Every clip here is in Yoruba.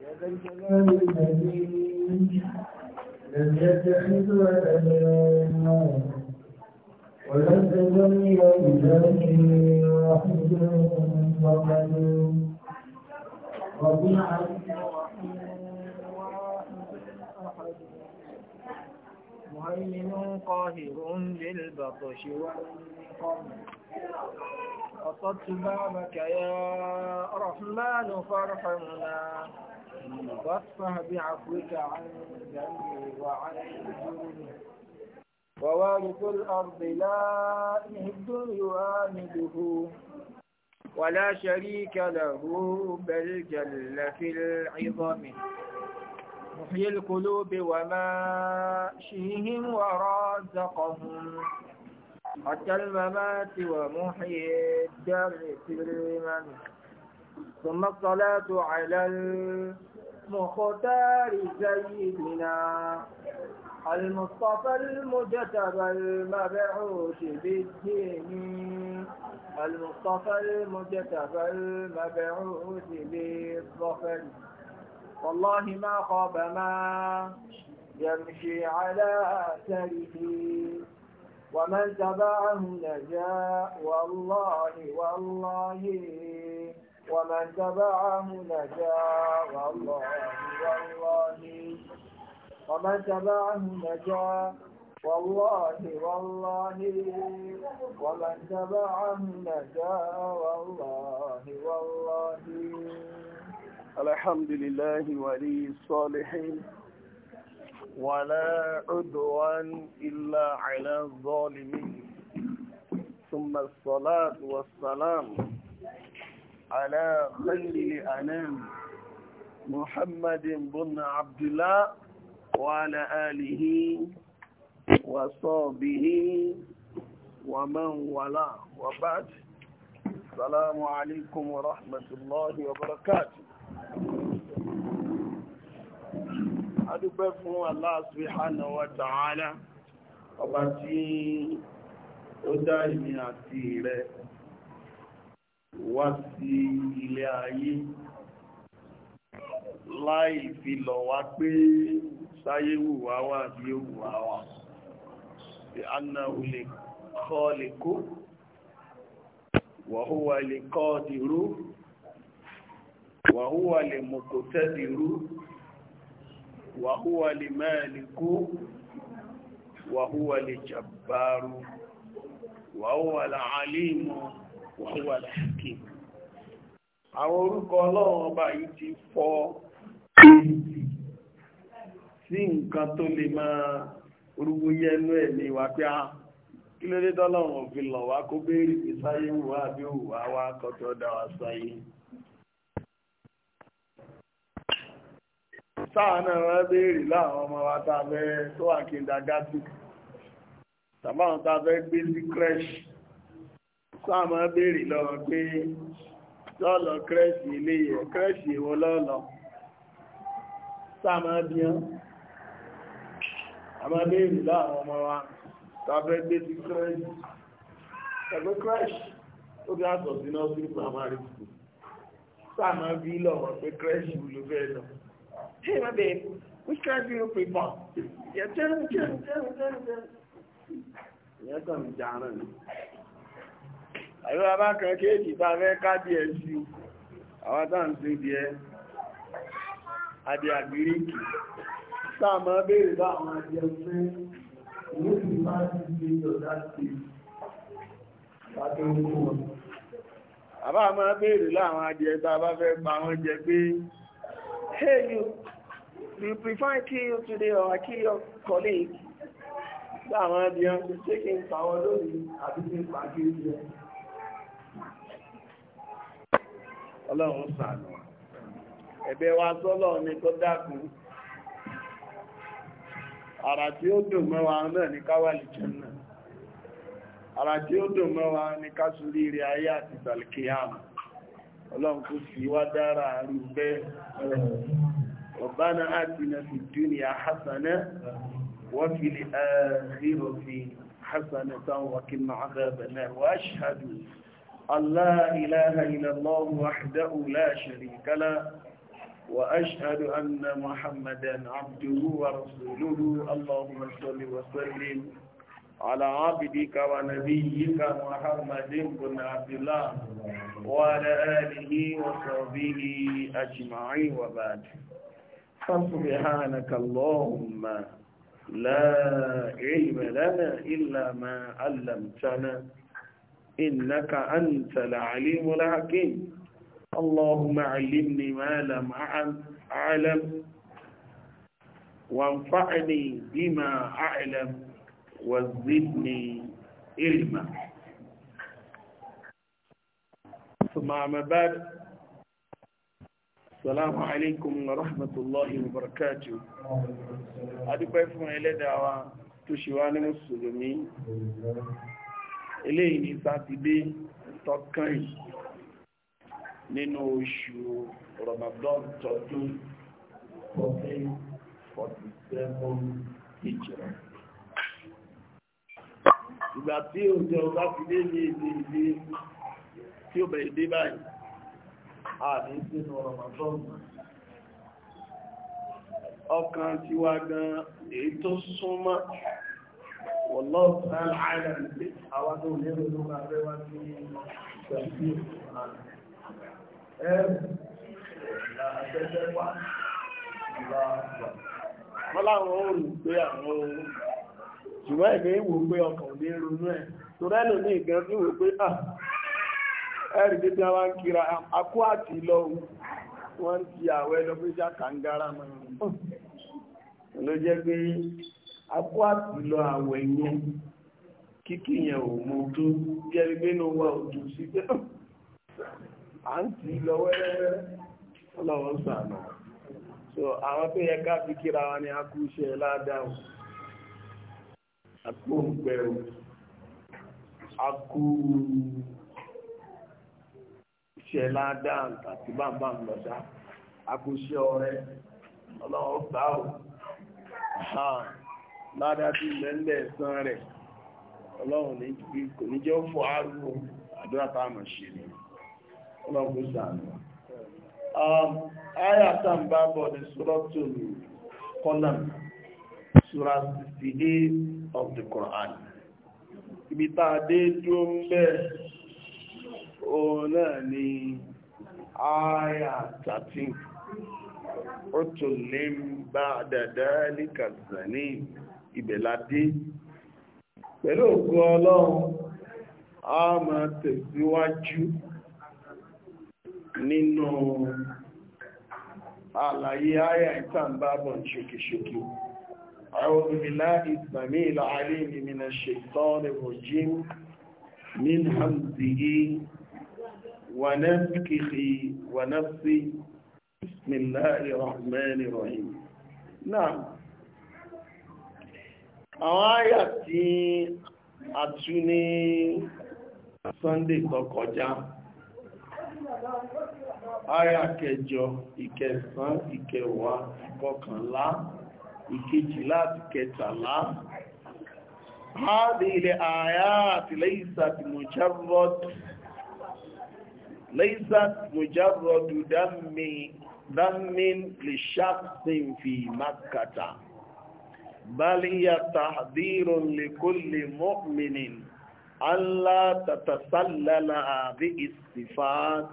يا ذا الجلال المتين لم يتخذ ولدا ولم تكن لوجهه واحد فقد رضيعا مهيمن قاهر للبطش والقرن قصدت بابك يا رحمن فارحمنا واصفه بعفوك عن ذنبي وعن جرمي ووارث الأرض لا إهد يوامده ولا شريك له بل جل في العظم محيي القلوب وما شيهم ورازقهم حتى الممات ومحيي الدر في المن ثم الصلاة على مختار سيدنا المصطفى المجتبى المبعوث بالدين المصطفى المجتبى المبعوث بالظفر والله ما خاب ما يمشي على أثره ومن تبعه نجا والله والله ومن تبعه نجاة والله والله ومن تبعه نجاة والله والله ومن تبعه نجاة والله والله الحمد لله ولي الصالحين ولا عدوان إلا على الظالمين ثم الصلاة والسلام على خير الأنام محمد بن عبد الله وعلى آله وصحبه ومن والاه وبعد السلام عليكم ورحمة الله وبركاته adúpẹ́ الله Allah وتعالى wa ta'ala ọba tí wá sí ilé ayé láì fi lọ̀ wá pé sáyé wùwá wà bí ó wùwá wà bí anna olè kọ́ lè kó wàhúwà lè kọ́ dìrú wàhúwà lè mọ̀kòtẹ́ dìrú wàhúwà lè mẹ́ẹ̀lì kú wàhúwà lè jàbáru wàhúwà lè alìmọ̀ wà wà láàkì àwọn orúkọ ọlọ́run ọba yìí ti fọ́ sí nǹkan tó lè máa orúgbó yẹnu ẹ̀ ní wà pé a ah, kí ló dé tọ́lọ́run òfin lọ̀ wá kó béèrè pé sáyé wù wá bí òwú wá wá kọ́tọ́ dá wa sáyé sáà náà wọ́n béèrè láwọn ọmọ wa tá a fẹ́ tó wà kí n dàgá sí tàbáwọn tá a fẹ́ gbé sí crèche sáàmọ́ béèrè lọ́wọ́ pé lọ́lọ́ kírẹ́ṣì ilé ẹ̀ kírẹ́ṣì ìwọ lọ́lọ́ sáàmọ́ bíán àmọ́ béèrè láwọn ọmọ wa tàbẹ́ gbé ti kírẹ́ṣì ẹgbẹ́ kírẹ́ṣì ó bí àtọ̀ sí náà sí primary school sáàmọ́ bí lọ́wọ́ pé kírẹ́ṣì olùfẹ́ lọ Hey, my babe, which class do you prefer? Yeah, tell me, tell me, tell me, tell me. Ìyẹn àríwá bá kéèkì bá fẹ́ ká díẹ̀ àwọn tán sí díẹ̀ adìẹ àgbíríkì sáàmọ́ béèrè bá àwọn adìẹ fẹ́ ìwé ìgbà ti gbé ọ̀dá sí àbá máa béèrè láwọn adìẹ tá a hey you do you prefer I kill you today or I kill your colleague láwọn adìẹ ṣé kí n pa wọ́n lónìí àbí kí n pa kí n jẹ ọlọ́run ṣàánú wa ẹ̀bẹ̀ wa sọ́lọ́ ni kó dákun ara tí ó dùn mẹ́wa náà ní káwàlì jẹ́nà ara tí ó dùn mẹ́wa ní kásùrí rí ayé àti tàlìkìyàmù ọlọ́run kó fi wá dára rí bẹ́ẹ̀ ọ̀bánà àti nàfi dúnìyà hasana wọ́n fi lè ẹ̀ẹ́rìrò fi hasana táwọn wakil ma'adà bẹ̀rẹ̀ أن لا إله إلا الله وحده لا شريك له وأشهد أن محمدا عبده ورسوله اللهم صل وسلم على عبدك ونبيك محمد بن عبد الله وعلى آله وصحبه أجمعين وبعد فسبحانك اللهم لا علم لنا إلا ما علمتنا إنك أنت العليم الحكيم اللهم علمني ما لم أعلم وانفعني بما أعلم وزدني علما ثم ما بعد السلام عليكم ورحمة الله وبركاته أدب فما إلى دعوة تشوان مسلمين eléyìí ni sátidé tọ́kàn nínú oṣù Ramadan tọdún 1447 ìjìrà ìgbà tí o jẹ ọba fi dé ní èdè ìdí tí ó bẹ̀rẹ̀ dé báyìí àní sínú Ramadan ọkàn tiwa gan èyí tó súnmọ́ والله تعالى عالم حوانه ليرو ما رواه تفسير القرآن Wọ́n láwọn oòrùn pé àwọn oòrùn ṣùgbọ́n ẹ̀gbẹ́ ìwò pé ọkàn ní pé ẹ̀rì tí a. wá ń kíra akú àti lọ wọ́n ti àwẹ́ lọ pé ṣàkàngára mọ́. jẹ́ pé akó àtìlọ àwẹ̀ yẹn kíkí yẹn ò mú tó jẹ́ gbé ní òjò sí pé à ń so àwọn tó yẹ ká fi kíra wa ni a kú iṣẹ́ ládàá àkó àti bàbá lọ́dá àkó iṣẹ́ ọrẹ ọlọ́wọ́ gbà ó ládàtí lẹ́lẹ̀ ẹ̀sán rẹ̀ ọlọ́run ní jẹ́ fọ́ àrùn àdúrà táàmà ṣe ní ọlọ́run sàánù ayà tàbí bọ̀ ní sọ́rọ̀tù kọ́nàm sura 68 of the Quran ibi táà dé dúró ń bẹ́ òun náà ni ayà 13 ó tún lè bá dàdá ní kàzanine ibẹ̀ la dé pẹ̀lú ògo ọlọ́run a máa tẹ̀síwájú nínú àlàyé àyà ìtàǹbàbọ̀ ṣokèṣokè أعوذ بالله السميع العليم من الشيطان الرجيم من همزه ونفكه ونفسه بسم الله الرحمن الرحيم نعم àwọn àyà tí a tú ní Sunday tó kọjá àyà kẹjọ ìkẹsàn ìkẹwàá ìkọkànlá ìkejìlá àti kẹtàlá هذه الآيات ليست مجرد ليست مجرد دم دم لشخص في مكة بل هي تحذير لكل مؤمن ألا تتسلل هذه الصفات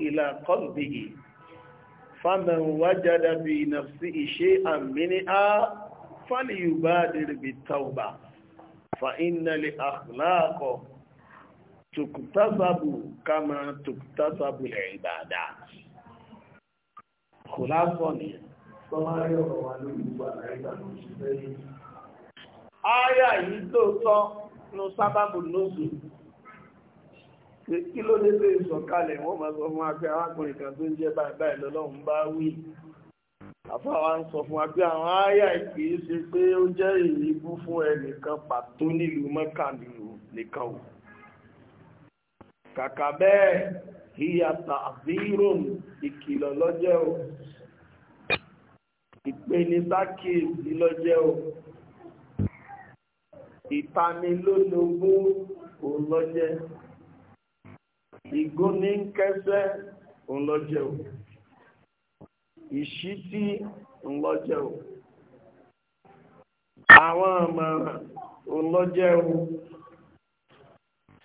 إلى قلبه فمن وجد في نفسه شيئا منها فليبادر بالتوبة فإن لأخلاق تكتسب كما تكتسب العبادات خلاصة tọ́mọ́rí ọ̀rọ̀ wa lórí gbogbo àlàyé Aya yìí tó sọ ní sábàbù lóṣù. Kí ló dé pé ìsọ̀kalẹ̀ wọ́n máa sọ fún agbẹ́ arákùnrin kan tó ń jẹ́ báyìí lọ́lọ́run bá wí. Àfáwa ń sọ fún agbẹ́ àwọn aya kì í ṣe pé ó jẹ́ ìrìbú fún ẹnìkan pàtó nílùú Mẹ́kà nílùú nìkan o. Kàkà bẹ́ẹ̀, ìyàtà àbíròn ìkìlọ̀ lọ́jọ́ ìpeni sákèsí lọ́jẹ́ o ìtanilólogún òun lọ́jẹ́ ìgúnni ń kẹsẹ́ òun lọ́jẹ́ o ìṣítí òun lọ́jẹ́ o àwọn ọ̀mọ̀ràn òun lọ́jẹ́ o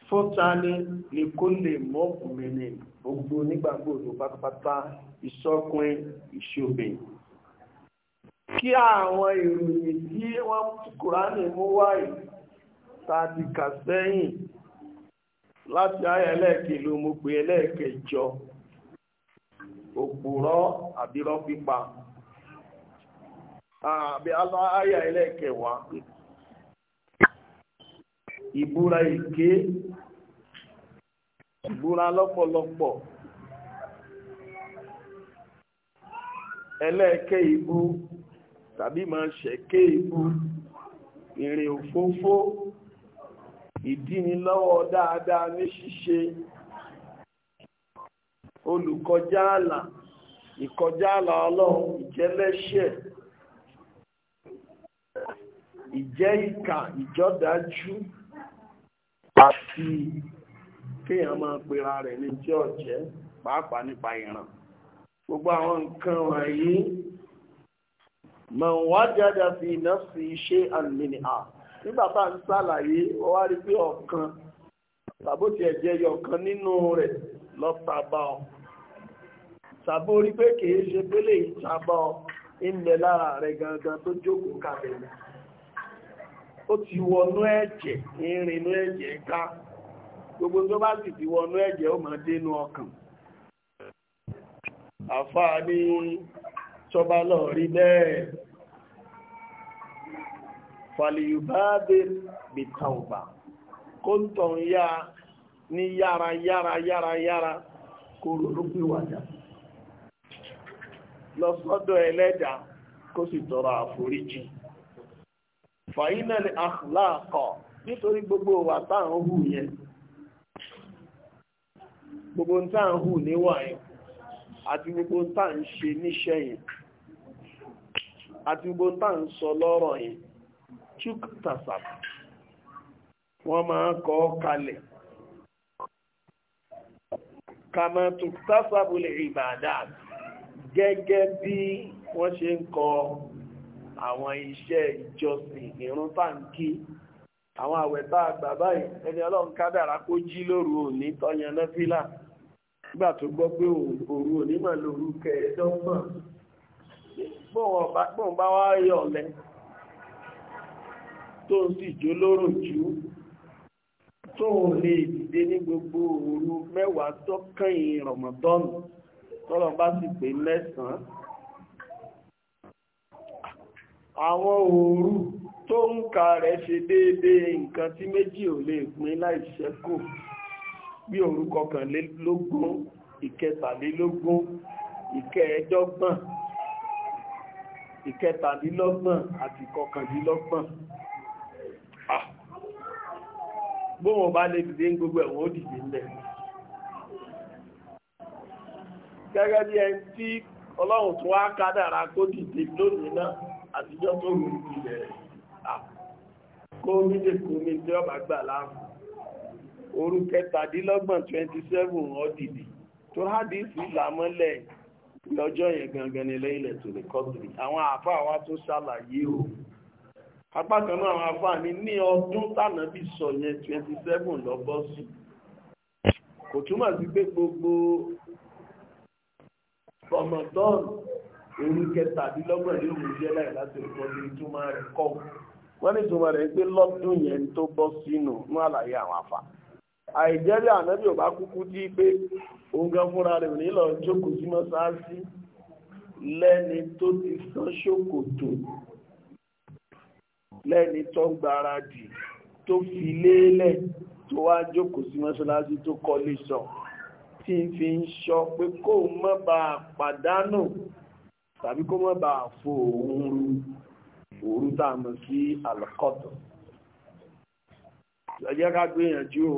fúntani ni kó lè mọ́ ọkùnrin ní gbogbo nígbàgbọ́ òdò pátápátá ìṣọkùnrin ìṣòbìnrin kí àwọn ìròyìn tí wọ́n kùránì mú wáyé tàbí kà sẹ́yìn láti ayé ẹlẹ́ẹ̀kì ló mú pé ẹlẹ́ẹ̀kẹjọ òpùrọ́ àbírọ́ pípa àbí ayé ẹlẹ́ẹ̀kẹwàá ìbúra èké ìbúra lọ́pọ̀lọpọ̀ ẹlẹ́ẹ̀kẹ́ ìbú tàbí máa ṣẹ̀kẹ́ ibú ìrìn òfófó ìdínilọ́wọ́ dáadáa ní ṣíṣe olùkọjáàlà àlà ìkọjá àlà ọlọ́run ìjẹ́lẹ́ṣẹ̀ ìjẹ́ ìkà ìjọ́dájú àti kéèyàn máa pera rẹ̀ ní tí ọ̀jẹ́ pàápàá nípa ìran gbogbo àwọn nǹkan wọ̀nyí man wajada fi nafsi shay'an minha nígbà tá à ń ṣàlàyé wọ́n wá rí pé ọ̀kan tàbó tiẹ̀ jẹyọ ọ̀kan nínú rẹ̀ lọ́ta bá ọ tàbó rí pé kìí ṣe pélé ìtàbá ọ ilẹ̀ lára rẹ̀ gangan tó jókòó kalẹ̀ ó ti wọnú ẹ̀jẹ̀ ìrìnú ẹ̀jẹ̀ ká gbogbo tó bá sì ti wọnú ẹ̀jẹ̀ ó máa dénú ọkàn àfáà ní tọba lọ rí bẹ́ẹ̀ fàlìyùbáàbè bìtàùbà kó ń tọ̀ ya ní yára yára yára yára kó ronúpìwàdà lọ sọ́dọ̀ ẹlẹ́dà kó sì tọrọ àforíjì fàínàlì àkùláàkọ̀ nítorí gbogbo wà táà hù yẹn gbogbo táà ń hù níwà àti gbogbo táà ń ṣe níṣẹ́ yẹn àti gbogbo tá ń sọ lọ́rọ̀ yìí chuktasap wọ́n máa kọ́ kalẹ̀ kàmá chuktasapu lè ìbàdà gẹ́gẹ́ bí wọ́n ṣe ń kọ àwọn iṣẹ́ ìjọsìn ìrun táǹkì àwọn àwẹ̀ tá a gbà báyìí ẹni ọlọ́run kádàrá kó jí lóru òní tọ́yan náfìlà nígbà tó gbọ́ pé òru òní mà lóru kẹẹ̀ẹ́dọ́gbọ̀n bóun bá wá yọ ọ̀lẹ tó ń sì jó lóró jù tóun lè dìde ní gbogbo òru mẹ́wàá tó kẹ́yìn rọ̀mọ̀dọ́nù tọ́lọ bá sì pé mẹ́sàn-án àwọn òru tó ń ka rẹ̀ ṣe déédéé nǹkan tí méjì ò lè pín láìṣẹ́kù bí òru kọkànlélógún ìkẹtàlélógún ìkẹẹ̀ẹ́dọ́gbọ̀n ìkẹtàdínlọ́gbọ̀n àti kọkàndínlọ́gbọ̀n gbóhùn bá lè dìde ń gbogbo ẹ̀wọ̀n ó dìde ń bẹ̀ gẹ́gẹ́ bí ẹni tí ọlọ́run tó wá kádàrá kó dìde lónìí náà àtijọ́ tó rú ìpìlẹ̀ kó méje kó méje tí ọba gbà láàmú òru kẹtàdínlọ́gbọ̀n 27 ọdìdì tó hádìsí làmọ́lẹ̀ lọ́jọ́ yẹn gangan ni ilẹ̀ tó lè kọ́dùrì àwọn àfáà wa tó ṣàlàyé o apá kan náà àwọn àfáà ní ní ọdún tànàbí sọ yẹn 27 lọ sí kò sí pé gbogbo Ramadan òru kẹtàdínlọ́gbọ̀n yóò mú jẹ́ láì láti ìkọ́dùrì rẹ̀ kọ́ wọ́n ní rẹ̀ pé lọ́dún yẹn tó bọ́ sínú àlàyé àwọn àìjẹ́rẹ́ ànábì ò bá kúkú tí pé òun gan fúnra rẹ̀ ní lọ jókòó sí mọ́sáàsì lẹ́ni tó ti sán ṣòkòtò lẹ́ni tó gbáradì tó fi lélẹ̀ tó wá jókòó sí mọ́sálásí tó kọ́lé sọ tí n fi ń sọ pé kó má bà pàdánù tàbí kó má bà fò òun ru òru tá a mọ̀ sí àlọ́kọ̀tọ̀ ẹ jẹ́ ká gbìyànjú o.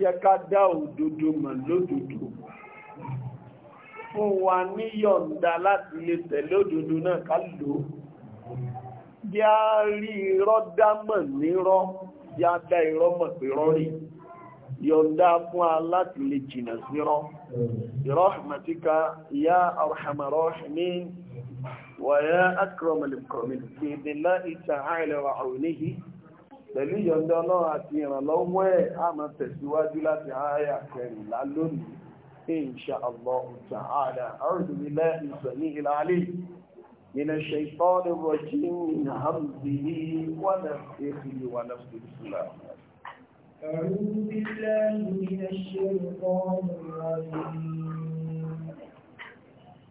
jẹ́ ká dá òdodo mọ̀ lódodo fún wa ní yọ̀ǹda láti lè tẹ̀lé òdodo náà ká lò ó bí a rí irọ́ dámọ̀ nírọ́ bí a dá irọ́ mọ̀ pé rọ́rí yọ̀ǹda fún a láti lè jìnà sírọ́ ìrọ́hàmàtíkà ya arhamarọ́hìmí wà ya akọrọmọlẹ̀kọrọmọlẹ̀ pẹ̀lú ìyọ̀ǹda ọlọ́run àti ìrànlọ́wọ́ ẹ̀ a máa tẹ̀síwájú láti ààyà kẹrìnlá lónìí insha Allah ta'ala a'udhu billahi sami'il alim من الشيطان الرجيم من همزه ونفخه ونفخه أعوذ بالله من الشيطان الرجيم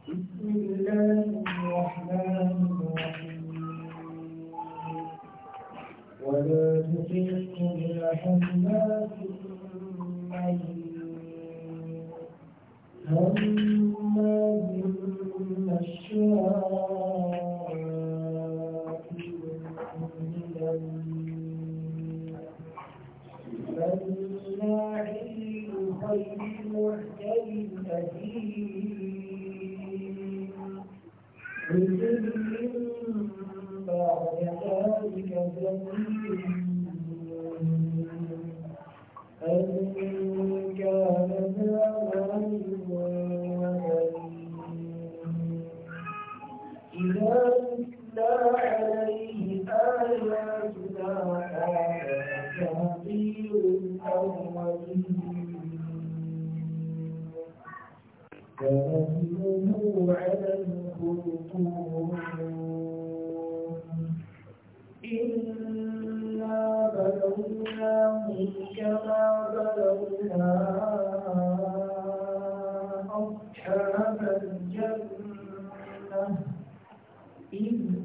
بسم الله الرحمن الرحيم ولا تطيق بالحمام مهين همام مشاء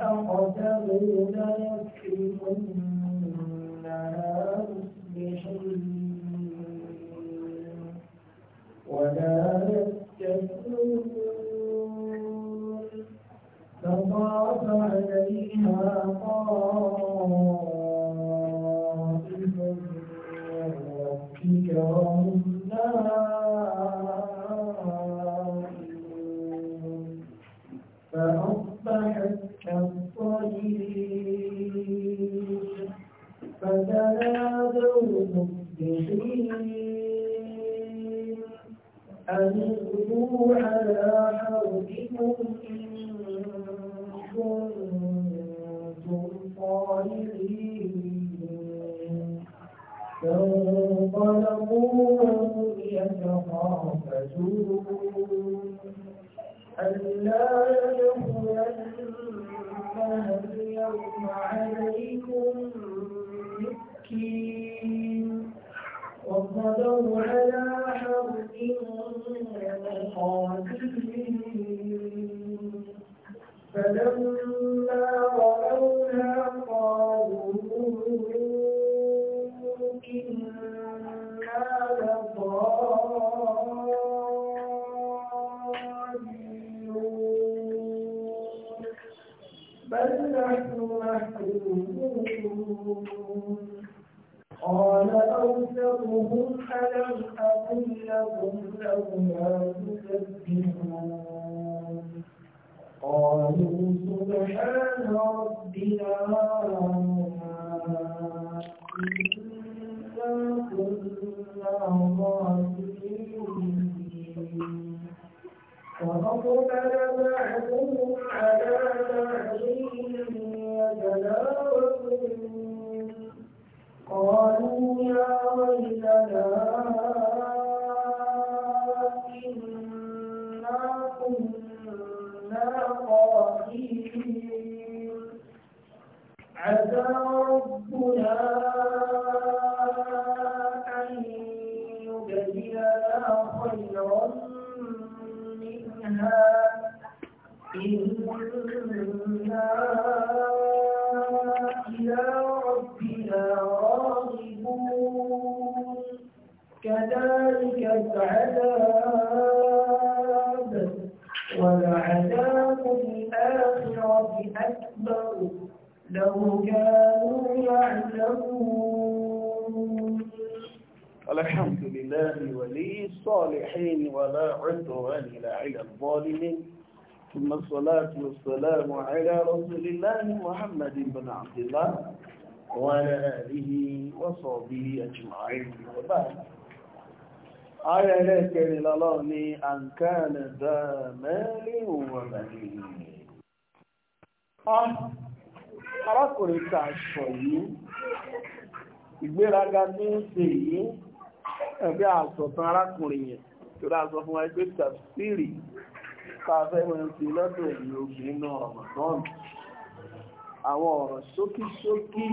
أقدرون ولقوم يتخافتون ألا يدخلنها اليوم عليكم مسكين وغدوا على حرب قاتلين فلما فاستفتوهم ألم أقل لهم لولا تسبحون قالوا سبحان ربنا إنا كنا ظالمين فأقبل بعضهم على عسى ربنا أن يبدلنا خيرا منها إنا إلى ربنا راغبون كذلك العذاب ولعذاب الآخرة أكبر لو كانوا يعلمون الحمد لله ولي الصالحين ولا عدوان إلى على الظالمين ثم الصلاة والسلام على رسول الله محمد بن عبد الله وعلى آله وصحبه أجمعين وبعد آية لك لله أن كان ذا مال وبنين آه. arákùnrin ta sọ yìí ìgbéraga ní ṣe yìí ẹgbẹ́ àsọ̀tàn arákùnrin yẹn tó dá sọ fún ẹgbẹ́ tàbí káfẹ́ wọn ti lọ́dọ̀ èyí obìnrin náà ọ̀mọ̀tọ́nù àwọn ọ̀rọ̀ ṣókíṣókí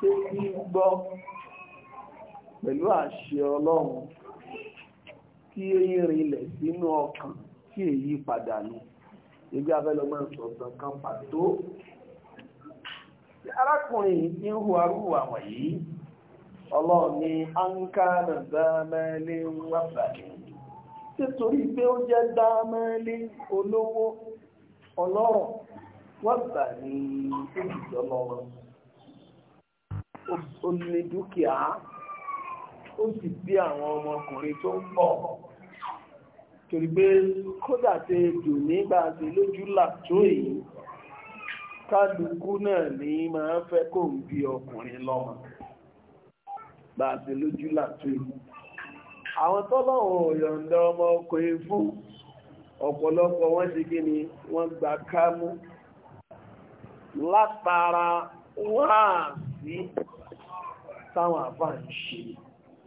tó kí gbọ́ pẹ̀lú àṣẹ ọlọ́run kí eyín rinlẹ̀ sínú ọkàn kí èyí padà ní ẹgbẹ́ afẹ́lọ́mọ̀ sọ̀tàn kan pàtó tí arákùnrin ní ń hùwà wọ̀nyí ni ankara dámẹ́lé wàbàlẹ̀ títorí pé ó jẹ́ dámẹ́lé olówó ọlọ́rọ̀ wàbàlẹ̀ olùjọlọ́rọ̀ ó ní dúkìá ó sì bí àwọn ọmọkùnrin tó ń bọ̀ torí pé kódà tẹ jù nígbà tí lójú làtó èyí kálukú náà ní máa fẹ́ kó ń bí ọkùnrin lọ́mọ bá ti lójú látú àwọn tọ́lọ́wọ̀ òyọ̀ǹda ọmọ ọkùnrin fún ọ̀pọ̀lọpọ̀ wọ́n ti kí ni wọ́n gbà kámú látara wáàsí táwọn àbá ń ṣe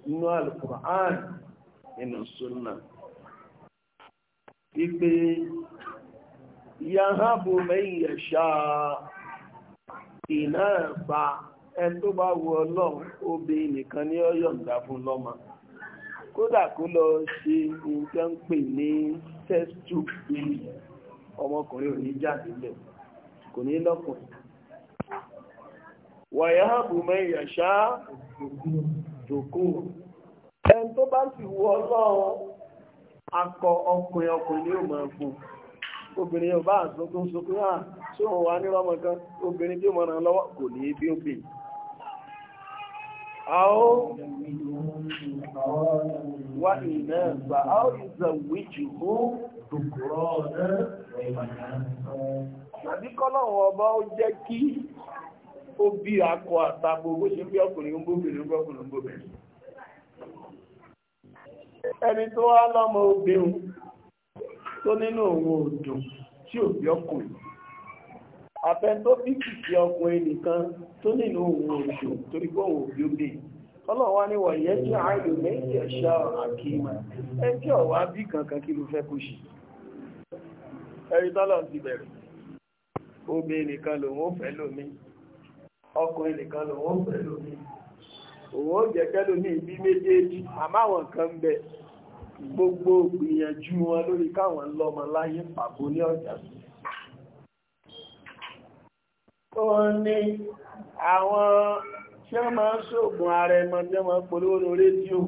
nínú Al-Qur'an wípé yahabu mẹ́yẹ̀ ṣáà ìná ẹ̀fà ẹn tó bá wù ọlọ́run obì nìkan ní ọyọ̀ǹda fún lọ́mọ kódà kó lọ ṣe nǹkan pè ní test tube ọmọkùnrin ò ní jáde lẹ̀ kò ní lọ́kùnrin wàyáàbù mẹ́yà ṣá jòkó ẹn bá sì wù ọlọ́run akọ ọkùnrin ọkùnrin ní ó fún un obìnrin yóò bá àsọkún sọkún hàn ah, tí òun wà ní rọmọ kan obìnrin tí ó mọ̀ràn lọ́wọ́ kò ní bí ó bè àó wà ìná gbà áó ìzàwíjì ó dùkúrọ̀ ọ̀dẹ́ tàbí kọ́lọ́wọ́ ọba ó jẹ́ kí ó bí akọ àtàbò bó ṣe bí ọkùnrin ń bóbìnrin ń ẹni tó wá lọ́mọ obìnrin tó nínú òun òdò tí ò bí ọkùnrin abẹ tó bí kìkì ọkùnrin nìkan tó nínú òun òdò torí pé òun òbí òbí ọlọ́run wá ní wọ̀nyẹ́ jẹ́ àìlò méjì ẹ̀ṣọ́ àkíyìmọ̀ ẹ tí ọ̀wá bí kankan kí ló fẹ́ kó ṣe ẹ̀rí tọ́lọ̀ ti bẹ̀rẹ̀ obìnrin nìkan lòun ó fẹ́ lómi ọkùnrin nìkan lòun ó fẹ́ lómi òun ó jẹ́ kẹ́lómi bí méjèèjì àmáwọn kan bẹ́ẹ̀ gbogbo gbìyànjú wọn lórí káwọn lọ́mọ láyé pàbó ní ọjà ó ní àwọn tí wọ́n máa ń ṣògùn ara ẹmọ tí wọ́n polówó ní rédíò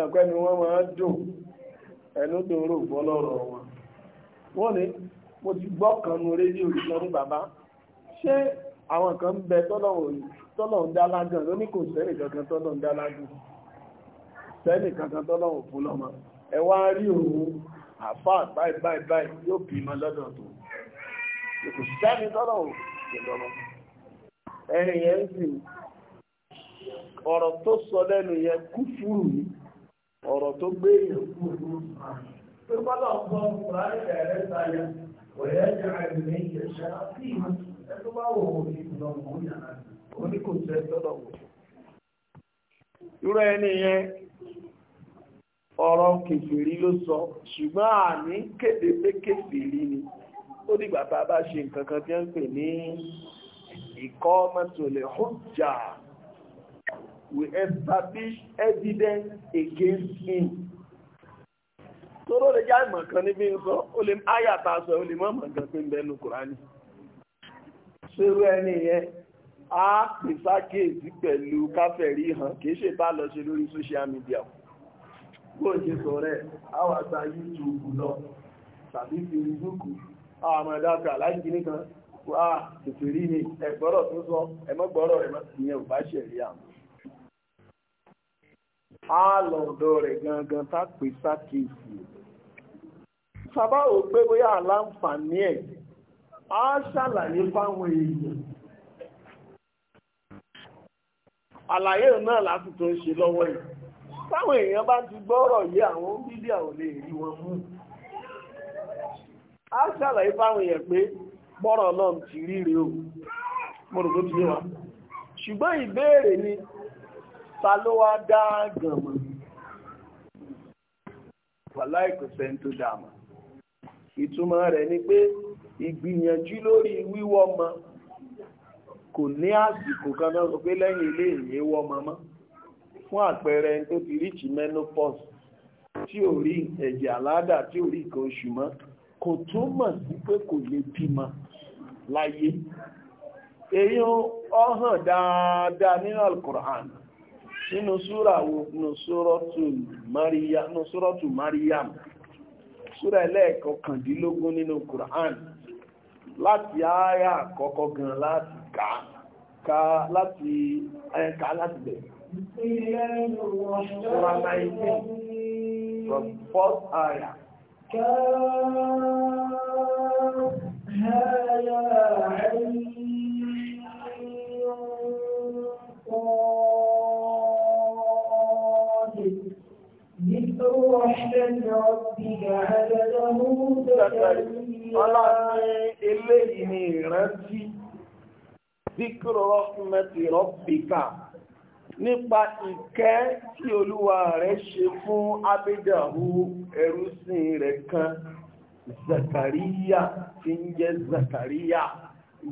ẹ̀kọ́ ni wọ́n máa ń dùn ẹnu dòrò bọ́lọ́rọ̀ wọn wọ́n ní mo ti gbọ́ kan nu rédíò ìṣọ́ ní bàbá ṣé àwọn kan ń bẹ tọ́lọ̀ ń dá ládùn lóní kò sẹ́rì kankan tọ́lọ̀ ń dá ládùn sẹ́nì kankan tọ́lọ́wọ̀ fún lọ́mọ ẹ rí òun àfà báyìí yóò bí ma lọ́dọ̀ tó kò sẹ́nì tọ́lọ́wọ̀ lọ́mọ ẹni yẹn ń sìn ọ̀rọ̀ tó sọ lẹ́nu yẹn kú fúrù ní ọ̀rọ̀ tó gbé yẹn kú fúrù tó ẹ̀ tó ọ̀rọ̀ kèfèrí ló sọ ṣùgbọ́n àní kéde pé kèfèrí ni ó dìgbà tá bá ṣe nǹkan kan tí ó ń pè ní ìkọ́ mẹ́tòlẹ̀ hujja we establish evidence against him tóró lè já ìmọ̀ kan níbi ń sọ ó lè áyà tá a sọ ó lè mọ́ ìmọ̀ kan pé ń bẹnu kùránì ṣerú ẹni yẹn a pèsè àkéèsí pẹ̀lú káfẹ̀rí hàn kìí ṣe bá lọ ṣe lórí social media bóò ṣe sọ̀rẹ́ àwàta YouTube lọ tàbí Facebook àmàdáka láìkí kan wà tètè rí ni ẹ̀gbọ́rọ̀ tó sọ ẹ̀mọ́gbọ́rọ̀ ìyẹn ò bá ṣẹ̀rí lọ ọ̀dọ̀ rẹ̀ gangan tá pè sákèsì sábà ò pé bóyá aláǹfààní ẹ̀ á ṣàlàyé fáwọn èèyàn àlàyé náà láti tó ń ṣe lọ́wọ́ yìí táwọn èèyàn bá ti gbọ́rọ̀ yé àwọn mídíà ò lè rí wọn mú a ṣàlàyé fáwọn èèyàn pé bọ́rọ̀ náà ti ríre o mọ́rùn tó ti yé wa ṣùgbọ́n ìbéèrè ni ta ló wá dá gànmọ̀ wàlá ìkọ̀sẹ̀ tó dàmà ìtumọ̀ rẹ̀ ni pé ìgbìyànjú lórí wíwọ́ ọmọ kò ní àsìkò kan náà sọ pé lẹ́yìn ilé ìyẹ́wọ́ ọmọ mọ́ fún àpẹẹrẹ ẹni tó ti ríṣì menopause tí ò rí ẹ̀jẹ̀ àládà tí ò rí nǹkan oṣù mọ́ kò túmọ̀ sí pé kò lè bímọ láyé èyí ó hàn dáadáa nínú alukur'an nínú súra wo nùsúrọ̀tù mariam súra ẹlẹ́ẹ̀kọkàndínlógún nínú kur'an láti ààyà àkọ́kọ́ gan láti kà láti ẹ̀ka láti bẹ̀rẹ̀ Surah 19, from fourth ayah. Ọlọ́run eléyìí ni ìrántí, Díkùrọ̀ Mẹ́tìrọ̀ Bíkà nípa ìkẹ́ tí olúwa rẹ̀ ṣe fún abídàhù ẹrúsìn rẹ̀ kan zakariya tí ń jẹ́ zakariya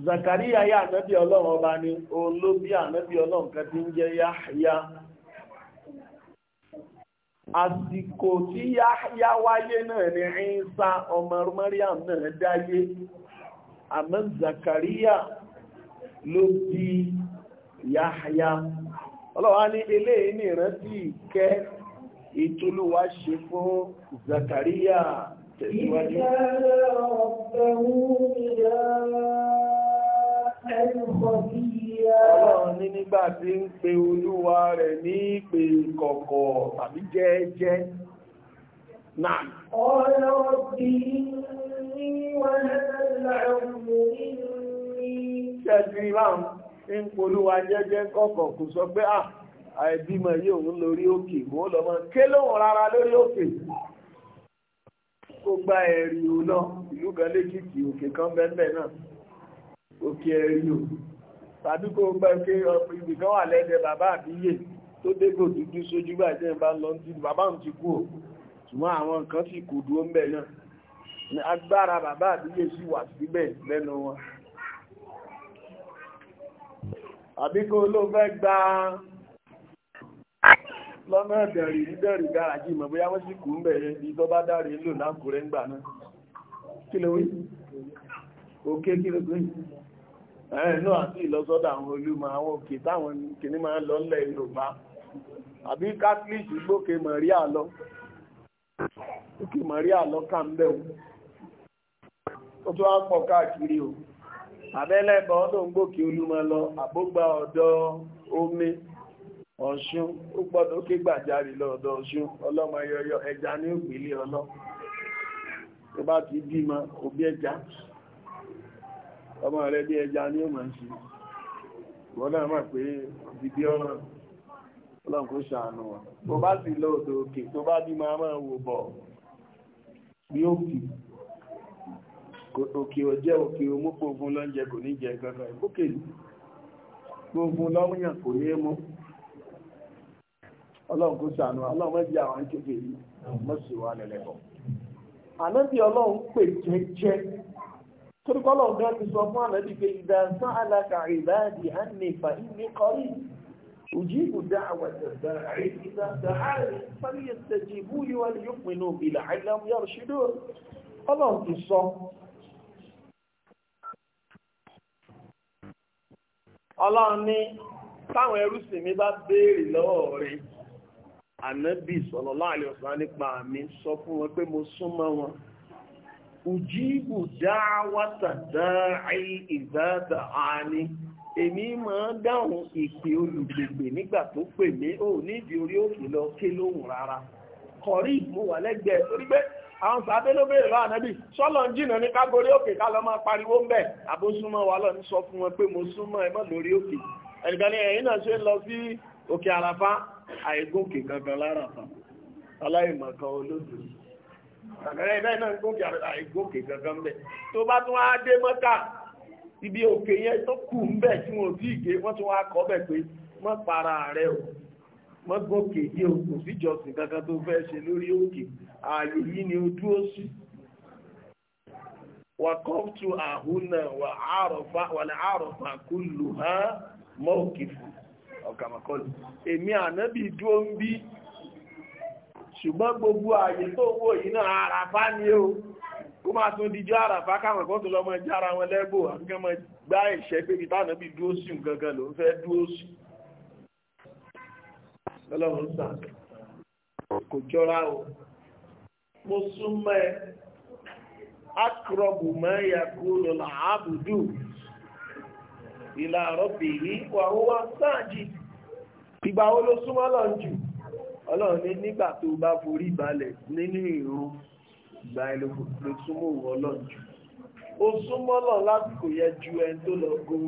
zakariya yá ànábí ọlọ́run ọba ni òun ló bí ànábí ọlọ́run kan tí ń jẹ́ yáhíyá àsìkò tí yáhíyá wáyé náà ni Ìsá ọmọ Maryam náà dáyé àmọ́ zakariya ló bí yáhíyá ọlọ́wà ní ilé ní ìrántí ìkẹ́ ìtolúwa ṣe fún Zakaria tẹ̀síwájú ọlọ́run ní nígbà tí ń pe olúwa rẹ̀ ní ìpè kọ̀kọ̀ tàbí jẹ́ẹ́jẹ́ náà ọlọ́run ń polúwa jẹ́jẹ́ kọ̀kọ̀ kò sọ pé à ah, àìbímọ yìí òun lórí òkè mò ń lọ mọ ké lóhùn rárá lórí òkè kó gba ẹ̀rí o lọ ìlú kan lẹ́kìtì òkè kan bẹ́ẹ̀ náà òkè ẹ̀rí o tàbí kó gba òkè ibì kan wà lẹ́dẹ̀ bàbá àbíyè tó dégò dúdú sójú bàjẹ́ ìbá lọ sí bàbá òun ti kú o ṣùgbọ́n àwọn nǹkan sì kù dúró ń bẹ̀ náà agbára bàbá àbíyè sì wà síbẹ̀ lẹ́nu wọn àbí kó ló fẹ́ gba lọ́nà ẹ̀dẹ̀rì nídẹ̀rì gáràjì mọ̀ bóyá wọ́n sì kú ń bẹ̀rẹ̀ ibi tó bá dáre lò lákùrẹ́ ńgbà náà kí ló wí òkè kí ló gbé ẹ̀rìn náà àti ìlọsọ́dọ̀ àwọn olúmọ àwọn òkè táwọn kìnní máa ń lọ ńlẹ̀ Yorùbá àbí catholic gbókè Maria lọ òkè Maria lọ kà ń bẹ̀ o ó tó wá pọ̀ káàkiri o abẹ́lẹ́bọ̀ ọdún gbòkè olúmọ lọ àbógbà ọ̀dọ̀ omi ọ̀ṣun ó gbọ́dọ̀ ké gbàjarì lọ́dọ̀ ọ̀ṣun ọlọ́mọ yọyọ ẹja ní òpìlẹ̀ ọlọ́ tó bá ti bímọ òbí ẹja ọmọ rẹ bí ẹja ní òmọ̀ ṣe wọ́n náà mọ̀ pé bíbí ọ̀rọ̀ ọlọ́run kò ṣàánú wọn tó bá sì lọ́dọ̀ òkè tó bá bímọ a wò bọ̀ bí ó kìí òkè ọjẹ́ òkè omúpò ogun lọ́njẹ kò ní jẹ kankan ìgbókè gbogbo lọ́wọ́yàn kò ní mú ọlọ́run kó sànú ọlọ́run mẹ́jì àwọn kéèké yìí mọ́sí wà lẹ́lẹ́bọ̀ ànábì ọlọ́run pè jẹ́jẹ́ torípọ́ ọlọ́run gan ti sọ fún ànábì pé ìdá sán alákà ìbáàdì á yóò pinnu ìlà àìlẹ́mú yọ̀rọ̀ ọlọ́run ti sọ ọlọ́run ní táwọn ẹrúsìn mi bá béèrè lọ́wọ́ rẹ̀ ànábì sallallahu alaihi wasallam nípa mi sọ fún wọn pé mo súnmọ́ wọn ùjíìbù dáwàtà dáàí ìdáàdà àní èmi máa dáhùn ìpè olùgbègbè nígbà tó pè mí ò nídìí orí òkè lọ ké lóhùn rárá kọrí mo wà torí bẹ́ẹ̀ àwọn sàbẹ́ ló béèrè lọ́wọ́ ànábì sọ́lọ̀ ń jìnà ní kágorí òkè ká lọ máa pariwo ń bẹ̀ àbó súnmọ́ wa lọ ní sọ fún wọn pé mo súnmọ́ ẹ mọ́ lórí òkè ẹnìkan ní ẹ̀yìn náà ṣe lọ sí òkè àràfá àìgòkè gangan lára fa aláìmọ̀kan olódò àgbẹ̀rẹ̀ ìbẹ́ náà gòkè àìgòkè gangan bẹ̀ tó bá tún wá dé mọ́kà ibi òkè yẹn tó kù ń bẹ̀ tí wọn ò tí mọ́gbọ́kè ní òkú síjọsìn kankan tó fẹ́ ṣe lórí òkè ààyè yìí ni ó dúró sí wàkọ́tù àhúnà wà àrọ̀fà kúlù ha mọ́kìfù ọ̀kàmàkọlù èmi ànábì dúó ń bí ṣùgbọ́n gbogbo ààyè tó wò yìí náà àràfá ni ó kó máa tún díjọ́ àràfá káwọn ẹ̀kọ́ tó lọ mọ́ jára wọn lẹ́gbò àkíkẹ́ mọ́ gbá ìṣẹ́ pé kí tánàbì dúó sí nǹkan kan ló fẹ́ dúó sí lọ́lọ́run sàn kò jọra o mo súnmọ́ ẹ akọrọ̀bù mẹ́yà kú lọ́la àbùdù ìlà àrọ́bì yìí wà ó wá sáàjì ìgbà wo ló súnmọ́ lọ́n jù ọlọ́run ní nígbà tó bá forí balẹ̀ nínú ìrun ìgbà ẹ̀ ló súnmọ́ òun ọlọ́run jù ó súnmọ́ lọ́n lásìkò yẹ ju ẹni tó lọ gun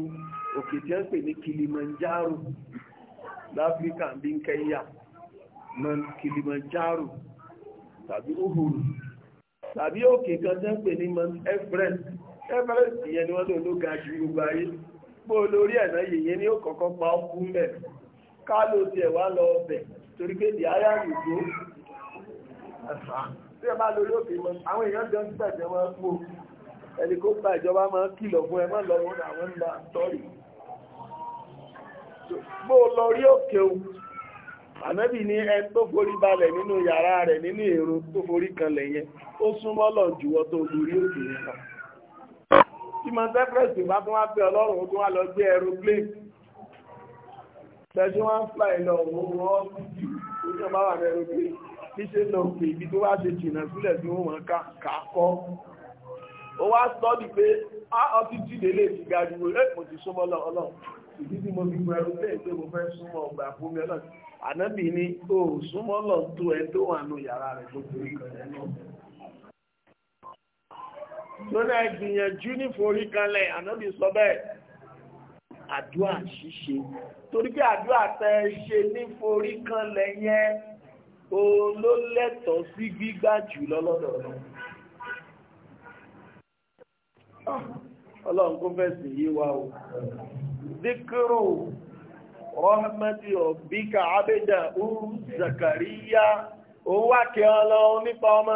òkè tí wọ́n pè ní Kilimanjaro láfíríkà ń bí ń kẹ́yà Kilimanjaro tàbí Uhuru tàbí òkè kan tẹ́ ń pè ní Mount Everest Everest yẹn ni wọ́n lò ló ga jù gbogbo ayé pé olórí ẹ̀nà yìnyín ni ó kọ́kọ́ pa ọkú mẹ́ ká ló tiẹ̀ wá lọ ọbẹ̀ torí pé di ayá nìgbó tí ẹ bá lórí òkè mọ́ àwọn èèyàn jọ ń tẹ̀jẹ̀ wọn pò ẹ̀lẹ́kọ́pà ìjọba máa kìlọ̀ fún ẹ mọ́ lọ́wọ́ àwọn ń la sọ́ọ̀rì bó lọ rí òkè o ànábì ní ẹni tó forí balẹ̀ nínú yàrá rẹ̀ nínú èrò tó forí kanlẹ̀ yẹn ó súnmọ́ lọ jùwọ́ tó lórí òkè yẹn lọ tí mo sẹ́fẹ̀rẹ̀sì bá tún wá pé ọlọ́run ó tún wá lọ gbé aeroplane tẹ́jú wá ń fà ìlọ òun wọ́n jù ó tún bá wà ní aeroplane bí ṣe lọ pé ibi tó wá ṣe jìnnà sílẹ̀ tí wọ́n mọ̀ ká kọ́ ó wá sọ́ọ́dì pé ọtí jìnnà lè fi ga jù ó lẹ́kùn ti súnmọ́ lọ ọlọ́run ìdí tí mo fi gbẹrú pé pé mo fẹ́ súnmọ́ ọgbà fún mi ọlọ́run ànábì ni o súnmọ́ lọ tó ẹ tó wà nù yàrá rẹ̀ tó forí kalẹ̀ náà. lọ́nà ìgbìyànjú ní forí kalẹ̀ ànábì sọ bẹ́ẹ̀ àdúrà ṣíṣe torí pé àdúrà tẹ ṣe ní forí kanlẹ̀ yẹn o ló lẹ́tọ̀ọ́ sí gbígbà jù lọ́lọ́dọ̀ lọ. ọlọ́run ah, kó fẹ̀sìn yé wa o. ذكر رحمة ربك عبده زكريا هو كالله نقام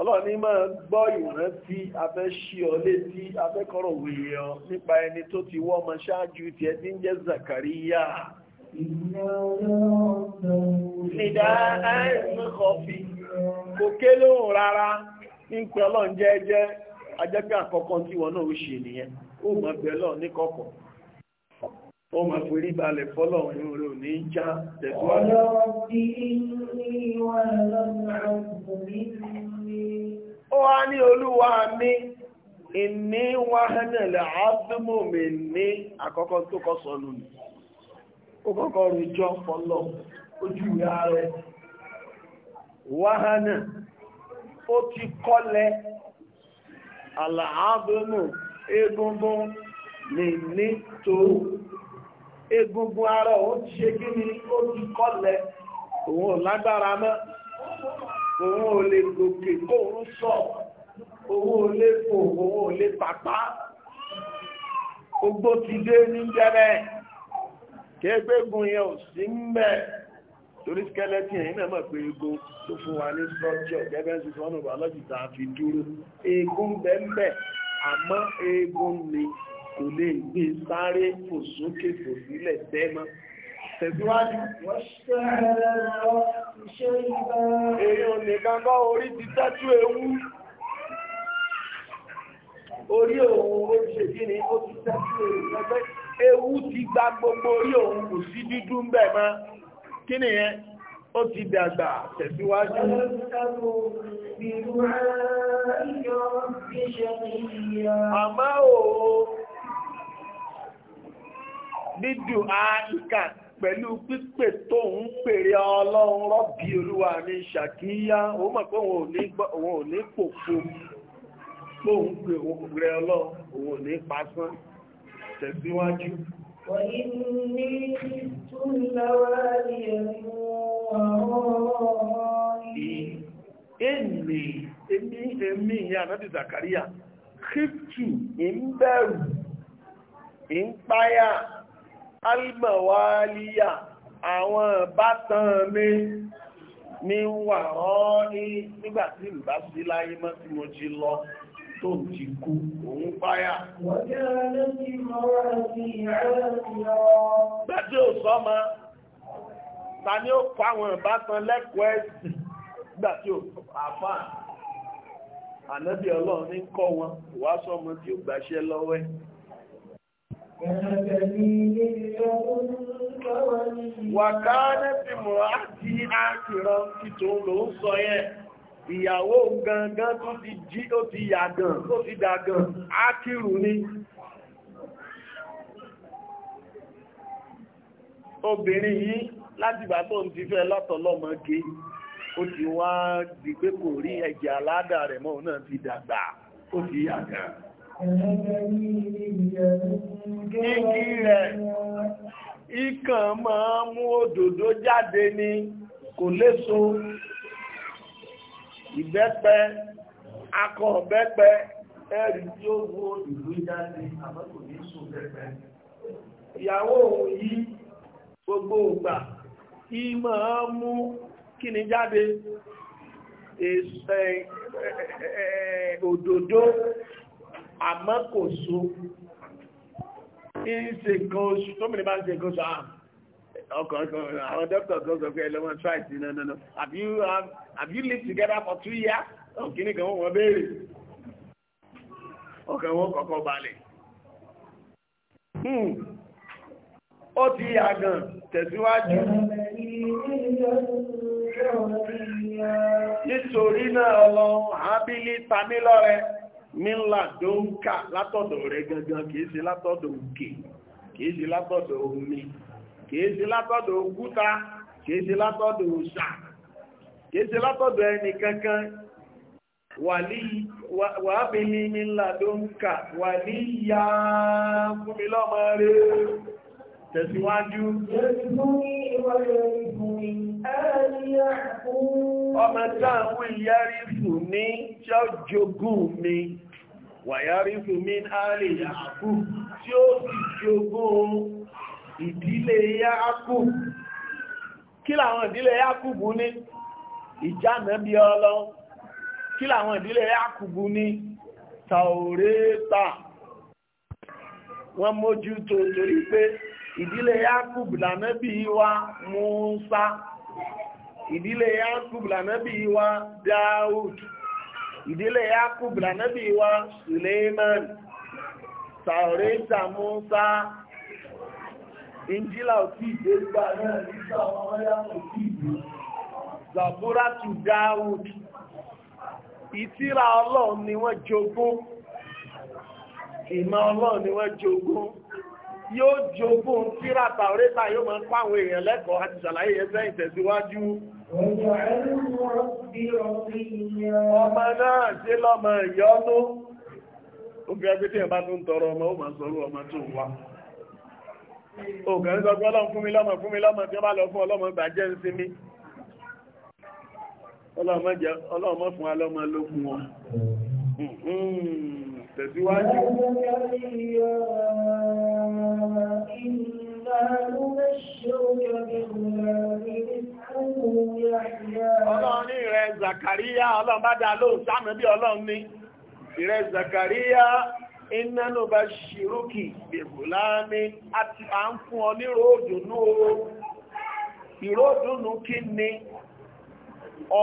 ọlọ́run ní máa gbọ́ ìrántí afẹ́ ṣí ọ létí ti wòye ọ nipa ẹni to ti wọ ọmọ ṣáájú ti ẹ ti ń Zakariya nìdá àìsànkọ̀fì kò ké lóhùn rárá ní pẹ́ wọn na ó máa forí balẹ̀ fọ́lọ̀ inú rẹ̀ ò ní já tẹ̀síwájú ó wá ní olúwa mi ìní wáhánà fọ́lọ̀ ojú rẹ̀ wáhánà ó ti kọ́lẹ̀ egungun ní tó egungun ara òun ti ṣe kí ni ó ti kọ́lẹ̀ òun ò lágbára mọ́ òun ò lè gòkè kó òun sọ òun ò lè fò òun ò lè pàpá ogbó ti dé ní jẹ́rẹ́ kéégbégun yẹn ò sí ń bẹ̀ torí skeleton yẹn náà mọ̀ pé egun tó fún wa ní structure gẹ́gẹ́ sí sọ́nù bàlọ́jì tá a fi dúró egun bẹ́ẹ̀ bẹ́ẹ̀ àmọ́ egun ni kò lè gbé sáré fò sókè fò sílẹ̀ tẹ́mọ́ tẹ̀síwájú èyàn lè gbangba orí ti tẹ́jú ewu orí òun ó ṣe kí ni ó ti tẹ́jú ewu ẹgbẹ́ ewu ti gba gbogbo orí òun kò sí dúdú ń bẹ̀ mọ́ kí nìyẹn ó ti dàgbà tẹ̀síwájú. Àmọ́ òun nídù áìkà pẹ̀lú pípè tó ń pèrè ọlọ́run rọ́bì olúwa ní ṣàkíyá ó mọ̀ pé òun ò ní pòfo tó ń pè òun rẹ ọlọ́run òun ò ní pasán tẹ̀síwájú. Èmi, èmi, èmi ìyá Anábì Zakaria, Kíftù, ìmbẹ̀rù, alìmọ̀wálíyà àwọn ìbátan mi ní wà rán ní nígbàtí ìbá sí láyé mọ́ tí mo jí lọ tó ti kú òun páyà. Gbàtí ò sọ́mọ, ta ni ó kọ àwọn ìbátan lẹ́kọ̀ọ́ ẹ̀sìn gbàtí ò àfáà. Ànábì Ọlọ́run ní kọ́ wọn, wá tí ó gbàṣẹ́ lọ́wọ́ Wàkánẹ́ ti mọ̀ láti ákìrán tí tó ló ń sọ yẹn. Ìyàwó gangan tó ti jí ó ti yàgàn, ó ti dàgàn, ákìrù ni. Obìnrin yìí láti ìgbà tó ń ti fẹ́ lọ́tọ̀lọ́mọge, ó ti wá di pé kò rí ẹ̀jẹ̀ aládà rẹ̀ mọ́ náà ti dàgbà, ó ti yàgàn. Igi rẹ̀ ikàn máa mú òdòdó jáde ni kò léso ìbẹ́pẹ akọ ìbẹ́pẹ ẹ̀rì tí ó mú òdòdó jáde àmọ́ kò ní so bẹ́pẹ. Ìyàwó òun yìí gbogbo ògbà ìmọ̀ mú kí ni jáde òdòdó àmọ́ kò so ìṣe kan oṣù tó mìíràn bá ń ṣe ah, kan oṣù àwọn dókítà kan sọ pé ẹlọ́wọ́n try sí náà náà have you um, have, you lived together for two years ọ̀kíní kan wọ́n béèrè ọkàn wọn kọ̀kọ́ balẹ̀ hmm. ó ti yàgàn tẹ̀síwájú nítorí náà lọ àbílí tamílọ́rẹ́ mílà dóńkà látọ̀dọ̀ rẹ̀ gangan kìí ṣe látọ̀dọ̀ òkè kìí ṣe látọ̀dọ̀ omi kìí ṣe látọ̀dọ̀ òkúta kìí ṣe látọ̀dọ̀ òṣà kìí ṣe látọ̀dọ̀ ẹni kankan wàábìlì mílà dóńkà wàlíyà fún mi lọ́mọ rẹ̀ Tẹ̀síwájú. Ọmọ táwọn ìyárí fún ní tí ó jogún mi, wàyárí fún mi ààrẹ yàákù tí ó sì jogún ìdílé yàákù. Kí làwọn ìdílé yàákù bú ní? Ìjánà bí ọlọ́. Kí làwọn ìdílé yàákù bú ní? Tàórẹ́ta. Wọ́n mójútó torí pé ìdílé yakub lànẹ́bí wa musa ìdílé yakub lànẹ́bí wa daud ìdílé yakub lànẹ́bí wa suleiman tàrẹ́ta musa injila òtí ìdégbà náà nígbà ọmọ yàtọ̀ sí ìlú zabura tu daud ìtírà ọlọ́run wọ́n jogún ìmọ̀ ọlọ́run wọ́n jogún yóò jogún tíra tàórẹ́ta yóò máa ń pa àwọn èèyàn lẹ́kọ̀ọ́ àti ṣàlàyé ẹgbẹ́ ìtẹ̀síwájú ọmọ náà ṣe lọ́mọ ìyọ́nú obìnrin tí ẹ̀bá tó ń tọrọ ọmọ ó máa sọ̀rọ̀ ọmọ tó wá ògùn sọ fún mi lọ́mọ fún mi lọ́mọ lókun wọn hmm, hmm. tẹ̀síwájú. Ọlọ́run ní ìrẹ Zakaria, ọlọ́run bá dá lóò sáàmù bí ọlọ́run ní. Ìrẹ Zakaria, iná ló bá ṣirúkì bèbò láàmí, a ti à ń fún ọ ní ròdùnú oró. Ìròdùnú kí ni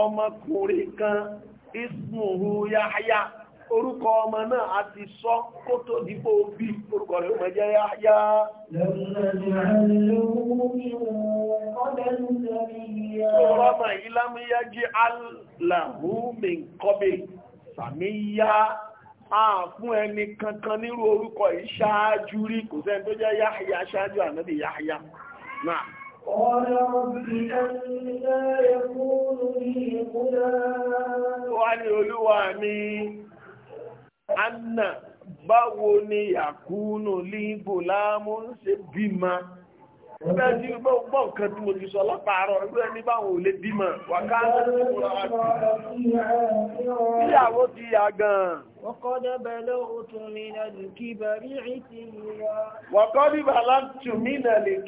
ọmọkùnrin kan, Ismuhu Yahya, orúkọ ọmọ náà a ti sọ kó tó dípò bí orúkọ rẹ̀ mọ̀ jẹ́ yáyá ọmọ ìlàmíyá jí aláhùnmí kọ́bẹ̀ sàmíyá àfún ẹni kankan nírú orúkọ ìṣáájú rí kò sẹ́ni jẹ́ yáyá ṣáájú ànábì anna báwo ni yàkúnù lígbò láàmú ń ṣe bímọ Bẹ́ẹ̀ni gbọ́ nǹkan tí mo ti sọ lápàárọ̀ ẹgbẹ́ ní báwọn ò lè bímọ wàkánà tí mo rà wájú. Ìyàwó ti yà gan-an. Wọ́kọ́dé bẹ̀lẹ̀ òtún mi nà lè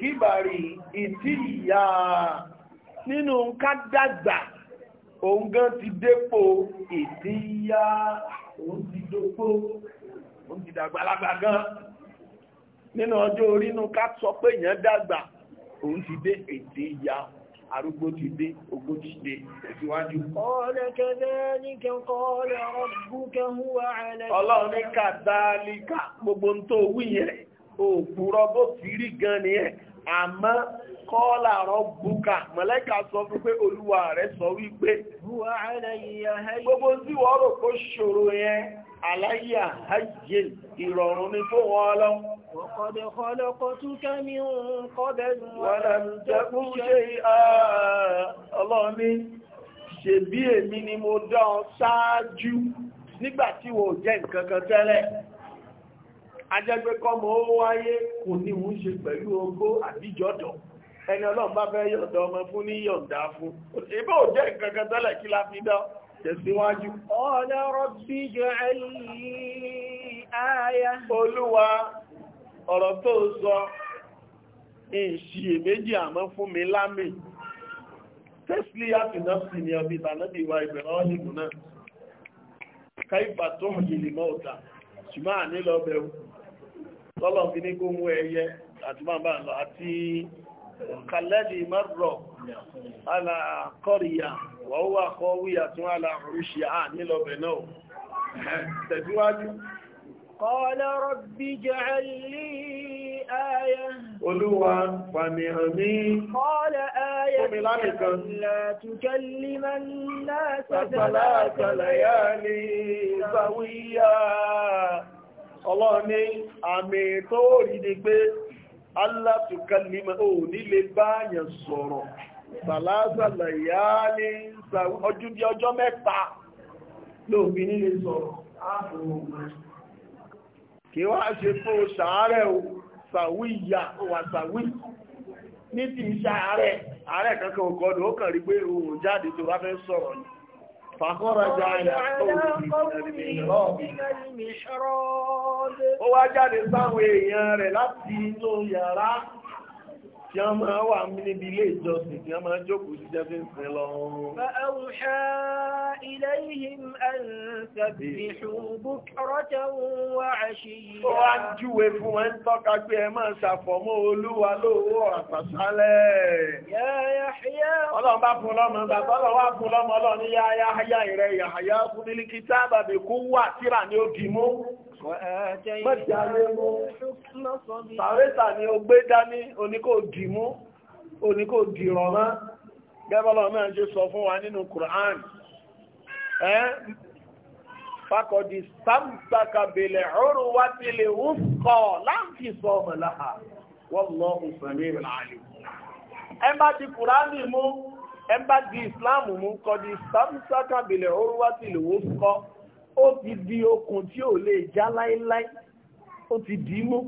kíbàrí ìtì ìyá. Nínú ká dàgbà, òun gan ti dépò ìtì ìyá òun ti dókó òun ti dàgbà lágbà gan nínú ọjọ́ orí inú ká sọ pé èèyàn dàgbà òun ti dé ètè ìyá arúgbó ti dé ogó ti dé ìsíwájú. ọlọ́run ní kàdálíkà gbogbo ń tó wí yẹn òpùrọ̀ bó ti rí gan ni ẹ̀ àmọ́ kọ́ọ́là rọ búkà mọ̀lẹ́kà sọ fún pé olúwa rẹ̀ sọ wípé gbogbo tí wọ́n rò kó ṣòro yẹn aláyà hajjé ìrọ̀rùn ni tó wọ́n lọ وقد خلقتك من قبل ولم ní ṣebí èmi ni mo dá ọ wọ́n jẹ́ nǹkan kan tẹ́lẹ̀ ajẹ́gbé kọ́mọ ó wáyé kò ní ń ṣe pẹ̀lú ogó àbíjọ́dọ̀ ẹni ọlọ́run bá fẹ́ yọ̀ǹda ọmọ fún ní yọ̀ǹda fún ìbá ò jẹ́ nǹkan kan tẹ́lẹ̀ kí la fi dá tẹ̀síwájú. ọ̀nà rọ̀bì jẹ́ ẹ̀yìn olúwa ọ̀rọ̀ tó sọ ìṣiyèméjì àmọ́ fún mi lámì tẹ́sílì àfihàn ni ọbí ìtànàbí ìwà ìbẹ̀rẹ̀ ọ́nìmù náà káyífà tó hàn jìlì mọ́ta ṣùgbọ́n ànílọ́bẹ̀rún tọ́lọ̀ fi ní kó mú ẹyẹ àti máa bá lọ àti kàlẹ́dì mọ́rọ̀ alákọ́ríyà wọ́wọ́ kọ́wíyà tún aláhùrúṣì à nílọ̀bẹ̀ náà tẹ̀síwájú qala rabbi ij'al li aya olúwa fàmìhànmí qala ayatan la tukallima an-nasa ọlọ́run ní àmì tó rí ni pé alátùkálímọ̀ ò nílé báyàn sọ̀rọ̀ sàlásàlà ìyá ní ọdún bí ọjọ́ mẹ́ta lóòbí nílé sọ̀rọ̀ kí wá ṣe fún ṣàárẹ̀ sàwí ìyà wà sàwí ní ti kankan ọgọ́dọ̀ ó kàn rí pé jáde tó fàkọ́rọ̀já ilẹ̀ ó wá jáde sáwọn èèyàn rẹ̀ láti inú yàrá tí a máa wà níbi ilé ìjọsìn tí a máa jókòó sí jẹ́ fi ń sin lọ oòrùn. Fa'auha ilayhim an sabbihu bukratan wa ashiya. Ó wá júwe fún wọn tọ́ka pé ẹ máa ṣàfọ̀mọ́ Olúwa lówó àtàṣálẹ̀. Ya fún lọ́mọ, bàbá ọlọ́run wá fún lọ́mọ fún nílí kìtàbà wà tíra ní ó mọ́tí ayé mú sàrẹ́sà ni ó gbé dání oníkò dì mú oníkò dì gẹ́bọ́lọ́ mẹ́rin ṣe sọ fún wa nínú Qur'an ẹ́ fakọ̀dì sàmùsàkàbèlẹ̀ ọrùn wá ti lè ń kọ̀ láti sọ ọmọláha wọ́n lọ ìsànlẹ̀ ìrìnàlè di Qur'an mú di Islam mú kọ̀dì sàmùsàkàbèlẹ̀ ọrùn wá ti ó ti di okùn tí ò lè já láíláí ó ti dì í mú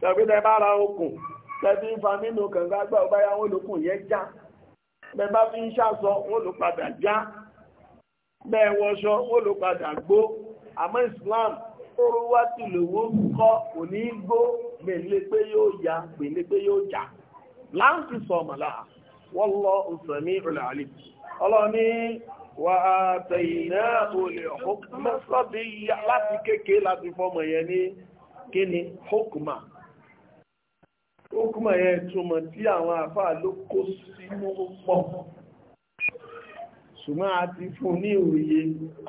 tẹ̀gbẹ́tẹ̀ bá ra okùn tẹ̀bí ń fa nínú kànga gbà ọba yà wọ́n lókùn yẹn já bẹ́ẹ̀ bá fi ń ṣàṣọ wọ́n ló padà já bẹ́ẹ̀ wọṣọ wọ́n ló padà gbó àmọ́ Islam oró wá tì lówó kọ́ kò ní í gbó gbèlè pé yóò ya gbèlè pé yóò jà láǹtì sọ̀mọ̀lá wọ́n lọ òsèmí ìrìnàlè ọlọ́ni wà àtẹ̀yìnà olè ọkùnmọ́ sọ́bí láti kéèké láti fọ́mọ̀ yẹn ní kí ni hukma hukma yẹn túmọ̀ tí àwọn àfáà ló kó sínú pọ̀ ṣùgbọ́n a ti fún ní òye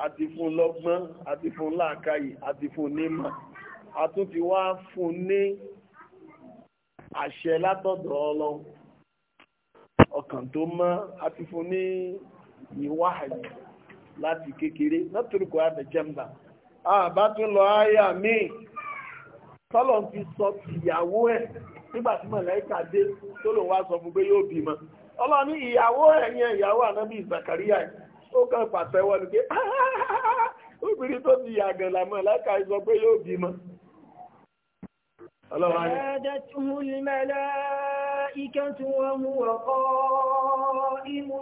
a ti fún lọ́gbọ́n a ti fún láàkáyì a ti fún nímọ̀ a tún ti wá fún ní àṣẹ látọ̀dọ̀ ọlọ́run ọkàn tó mọ́ a ti fún ní ní wáhàyí láti kékeré mẹ́tòrúkọ àdẹ̀jẹ́mbà àbá tún lọ áyà míì tọ́lọ̀ fi sọ ìyàwó ẹ̀ nígbà tí mọ̀lẹ́kà dé tó lòun wá sọ fún pé yóò bímọ ọlọ́run ní ìyàwó ẹ̀ yẹn ìyàwó ànábì Zakariya ó kàn pàtẹ́wọ́ ni pé obìnrin tó ti yàgàn làmọ́ ẹ̀láka sọ pé yóò bímọ. ọlọ́run á ní. الملائكة وهو قائم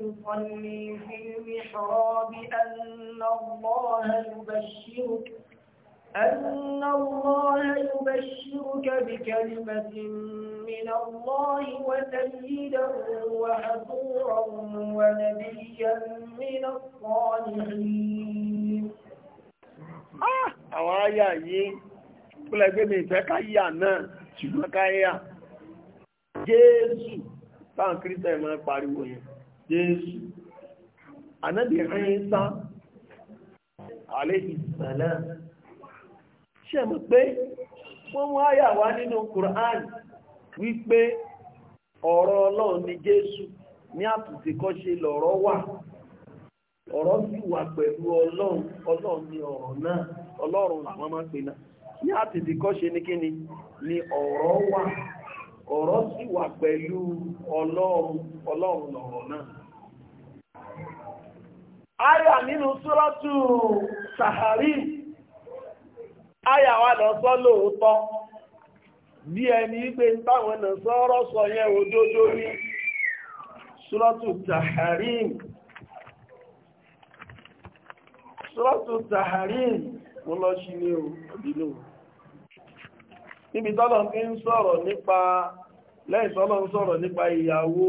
يصلي في المحراب أن الله يبشرك أن الله يبشرك بكلمة من الله وسيدا وحصورا ونبيا من الصالحين أوايا aráyà yìí kúlẹ̀gbẹ́mì ìfẹ́ káyà náà ṣùgbọ́n káyà jésù táwọn kírísẹ̀ máa pariwo yẹn jésù ànábì Ìsá alayhi salam ṣe mọ̀ pé wọ́n mú àyà wá nínú Qur'an wípé ọ̀rọ̀ ọlọ́run ni jésù ní àtúntì kọ́ṣe lọ̀rọ̀ wà ọ̀rọ̀ sì wà pẹ̀lú ọlọ́run ọlọ́run ni ọ̀rọ̀ náà ọlọ́run làwọn máa ń pè náà ní àtúntì kọ́ṣe ní kíni ni ọ̀rọ̀ wà ọ̀rọ̀ si wà pẹ̀lú ọlọ́run lọ̀rọ̀ náà. Aya nínú sọ́lọ́tù Sàhárì, aya wa lọ sọ lóòótọ́, bí ẹni pé táwọn nà sọ́rọ̀ sọ yẹn òdodo ní níbi tọ́lọ̀ ń ń sọ̀rọ̀ nípa lẹ́yìn tọ́lọ̀ ń sọ̀rọ̀ nípa ìyàwó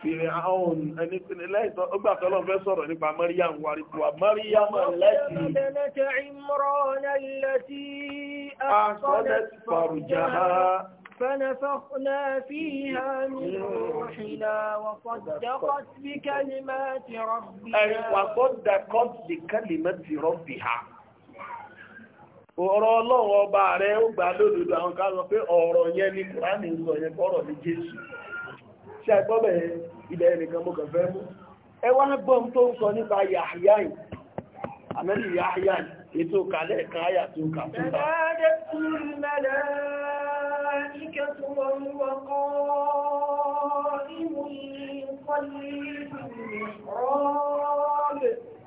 fèrè àwọn ẹni lẹ́yìn tọ́lọ̀ fẹ́ sọ̀rọ̀ nípa Maryam wàríkùwà Maryam lẹ́tì فنفخنا فيها من روحنا وصدقت بكلمات ربها وصدقت بكلمات ọ̀rọ̀ ọlọ́run ọba rẹ̀ ó gbà lódodo àwọn pé ọ̀rọ̀ yẹn ni kùránì ń sọ yẹn kọ́rọ̀ ní jésù ṣe àgbọ́bẹ̀ ilẹ̀ ẹnìkan mo kàn mú ẹ wá gbọ́n tó ń sọ nípa àmẹ́lì ètò kan áyà tó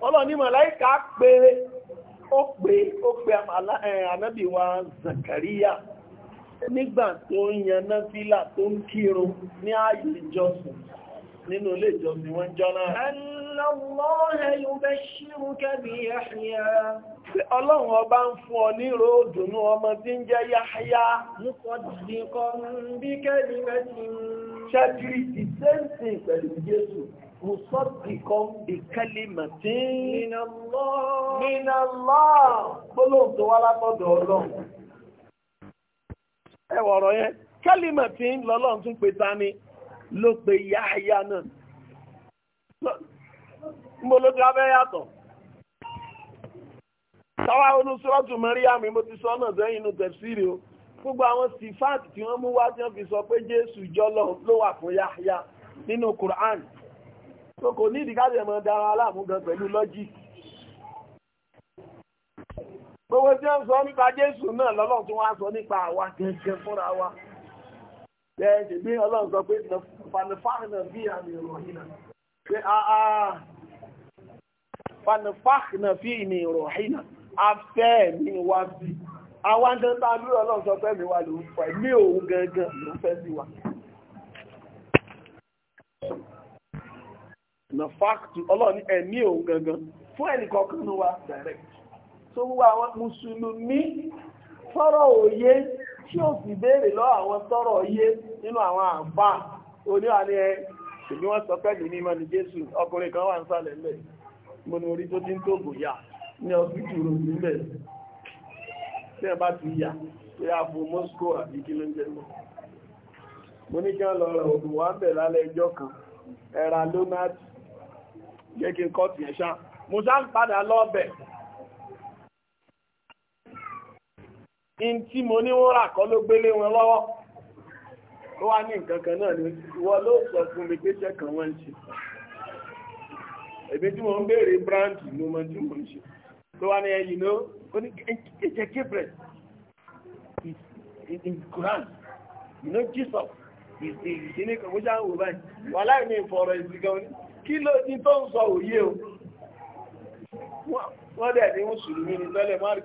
ọlọ́ni ó pè ó pè ànábì wa nígbà tó ń yan náfílà tó ń kírun ní ààyè ìjọsìn nínú ilé ìjọsìn wọn jọ́nà Ọlọ́run ọba ń fún ọ ní ròdùnú ọmọ tí ń jẹ́ Yahya. Mùsọ̀dìkan bí kẹ́lì mẹ́sìn. Ṣẹ́kìrì ti pẹ̀lú Jésù. musaddiqan bi kalimatin minallah gbólóhùn tó wá látọ̀dọ̀ ọlọ́run ẹ wọ ọ̀rọ̀ yẹn kalimatin lọ́lọ́run tún pe ta ni ló pe yáyá náà mo ló ti abẹ́ yàtọ̀ táwa onú sọ́ọ̀tù mẹ́ríàmì mo ti sọ náà sẹ́yìn inú tẹ̀síìrì o gbogbo àwọn sífáàtì tí wọ́n mú wá tí wọ́n fi sọ pé jésù jọlọ ló wà fún yáyá nínú so kò ní ìdíkàtẹ̀ mọ́ dára aláàmú gan pẹ̀lú lọ́jíìkì gbogbo tí ó ń sọ nípa Jésù náà lọ́lọ́run tí wọ́n á sọ nípa àwa gẹ́gẹ́ fúnra wa bẹ́ẹ̀ ṣe gbé Ọlọ́run sọ pé fanifáànà bí àmì ìròyìn náà pé àà fanifáànà fi ìní ìròyìn náà afẹ́ mi wá sí àwọn gẹ́gẹ́ tá a lúrọ̀ Ọlọ́run sọ pé mi wà ló ń fẹ́ mi òun gẹ́gẹ́ ló ń fẹ́ sí wa. na fáktù ọlọ́ọ̀ni ẹ̀mí òun gangan fún ẹnìkọ̀ọ̀kan kanuwa direct tó wá àwọn mùsùlùmí tọ́rọ̀ òye tí ó sì béèrè àwọn òye nínú àwọn ẹ ṣèbí wọ́n sọ mọ́ni Jésù ọkùnrin kan wà ń sálẹ̀ lẹ̀ mo ní orí tó ti ń ní ọ̀sìtì tí ẹ bá a fún Moscow àbí kí ló ń jẹ́ mọ́ mo ní kí wọ́n lọ rẹ̀ bẹ̀ lálẹ́ ẹjọ́ kan ẹ̀rà lónàtì jẹ́ kí n kọ́ tiẹ̀ ṣá mo ń padà lọ́ọ̀bẹ̀ in tí mo ní wọ́n rà kọ́ ló gbélé wọn lọ́wọ́ ó wá ní nǹkan kan náà ni ìwọ ló sọ fún mi pé ṣẹ́ kan wọ́n ń ṣe èmi tí mo ń béèrè brand mo mọ mo ń ṣe ló wá ní ẹyìn náà ó ní ẹjẹ Gabriel in Quran you know Jesus ìdíní kan mo ṣá ń wò báyìí wàhálà ìní ìfọ̀rọ̀ ìsìnkà oní kí ló ti tó ń sọ òye o wọ́n dẹ̀ ní mùsùlùmí ní tọ́lẹ̀ máa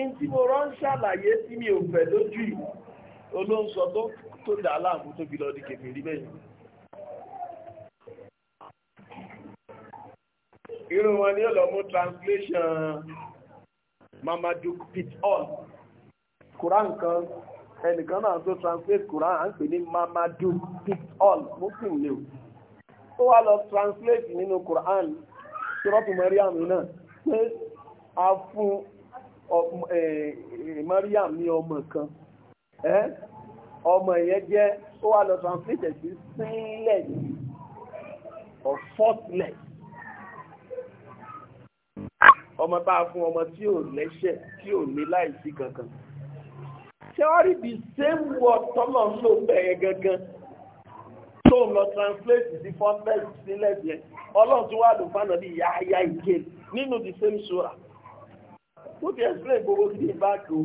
in tí mo rán ṣàlàyé sí mi ò fẹ́ lójú yìí olóńsọ tó tó dà láàmú tó fi lọ kèfè rí bẹ́yìn irú wọn ni ọlọ́mú translation Mamadou Pitol Quran kan ẹnìkan náà tó translate Quran à ń pè ní Mamadou Pitol muslim ni o tó wá lọ translate nínú Quran sọ́rọ́tù Mariam náà pé a fún Mariam ní ọmọ kan ọmọ yẹn jẹ́ ó wá lọ translate sí sinless or faultless ọmọ tá a fún ọmọ tí ò lẹ́ṣẹ̀ tí ò ní láìsí kankan ṣé wọ́n rí the same word tọ́lọ̀ ń lò bẹ́ẹ̀ gangan tó lọ translate sí fọ́nbẹ́ẹ̀ sílẹ̀ yẹn ọlọ́run tún wá lò fánà bí yáyá ìké nínú the same sura ó ti explain gbogbo sí ìbáàkì o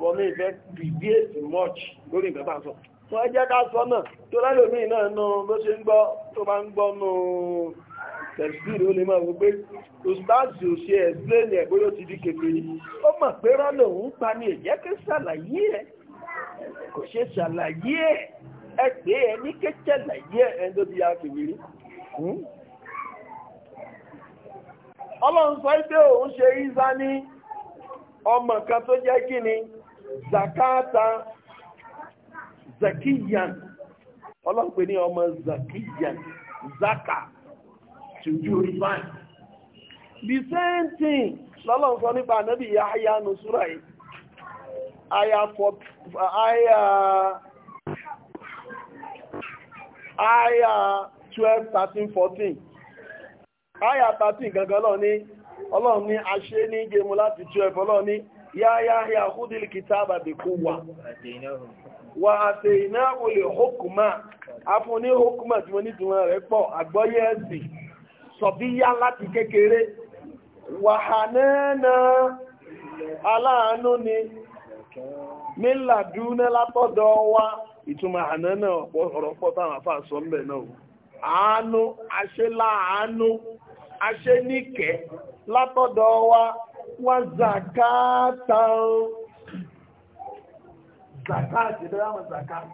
kọ́ mi fẹ́ deviate much lórí nǹkan bá ń sọ wọ́n jẹ́ ká sọ náà tó lẹ́lòmíì náà nù bó ṣe ń gbọ́ tó bá ń gbọ́ nù tẹ̀síìrì ó lè máa wípé ustazi ò ṣe ẹ̀sìlẹ̀nì ẹ̀ bóyá ó ti di kékeré ó mọ̀ pé rán lòun pa ni èjẹ́ kí ṣàlàyé ẹ̀ kò ṣe ṣàlàyé ẹ̀ ẹgbẹ́ ẹ ní kéjẹ̀lẹ̀ yẹ ẹni tó di akèwìrí. Hmm? ọlọ́run sọ pé òun ṣe ìzá ní ọmọ kan tó jẹ́ kí ni zakata zakiyan ọlọ́run pè ní ọmọ zakiyan zaka to purify the same thing lọ́lọ́run sọ nípa ànábì Yahya súra yìí aya 4 aya aya twelve thirteen fourteen aya thirteen gangan lọ ni ọlọ́run ní aṣe ní gemu láti twelve ọlọ́run ní yáyá ya húdìlì kìtàbà bí wà wà àtẹ iná olè hókùmá afún ní hókùmá tí wọ́n ya rẹ̀ pọ̀ àgbọ́yé ẹ̀sìn sọ̀bíyá láti kékeré aláàánú ni mílàdúnẹ́ látọ̀dọ̀ wa. ìtumọ̀ àná náà ọ̀rọ̀ pọ̀ táwọn sọ ń náà àánú aṣe láàánú aṣe wa zakata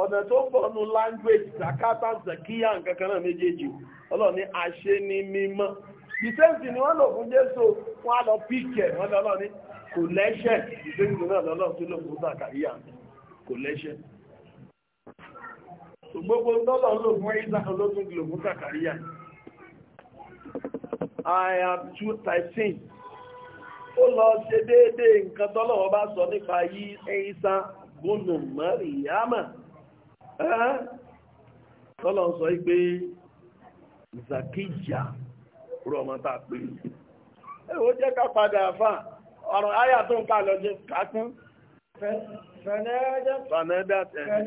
ọ̀nà tó bọ̀nù language zakata zakiya nkankan náà méjèèjì ọlọ́run ní aṣe ni wọ́n lò fún jésù wọ́n lọ píkẹ̀ wọ́n ní kò lẹ́ṣẹ̀ náà lò fún kò gbogbo tọ́lọ̀ lò fún ológun lò fún Zakaria I am two thirteen ó lọ ṣe déédéé nǹkan tọ́lọ̀ wọn bá sọ nípa yí ẹ̀yíṣà gbónú mọ́rìyámà tọ́lọ̀ sọ pé Zakija rọ ọmọ tá a pè é jẹ́ ká padà fà ọ̀rọ̀ فنادت فنادته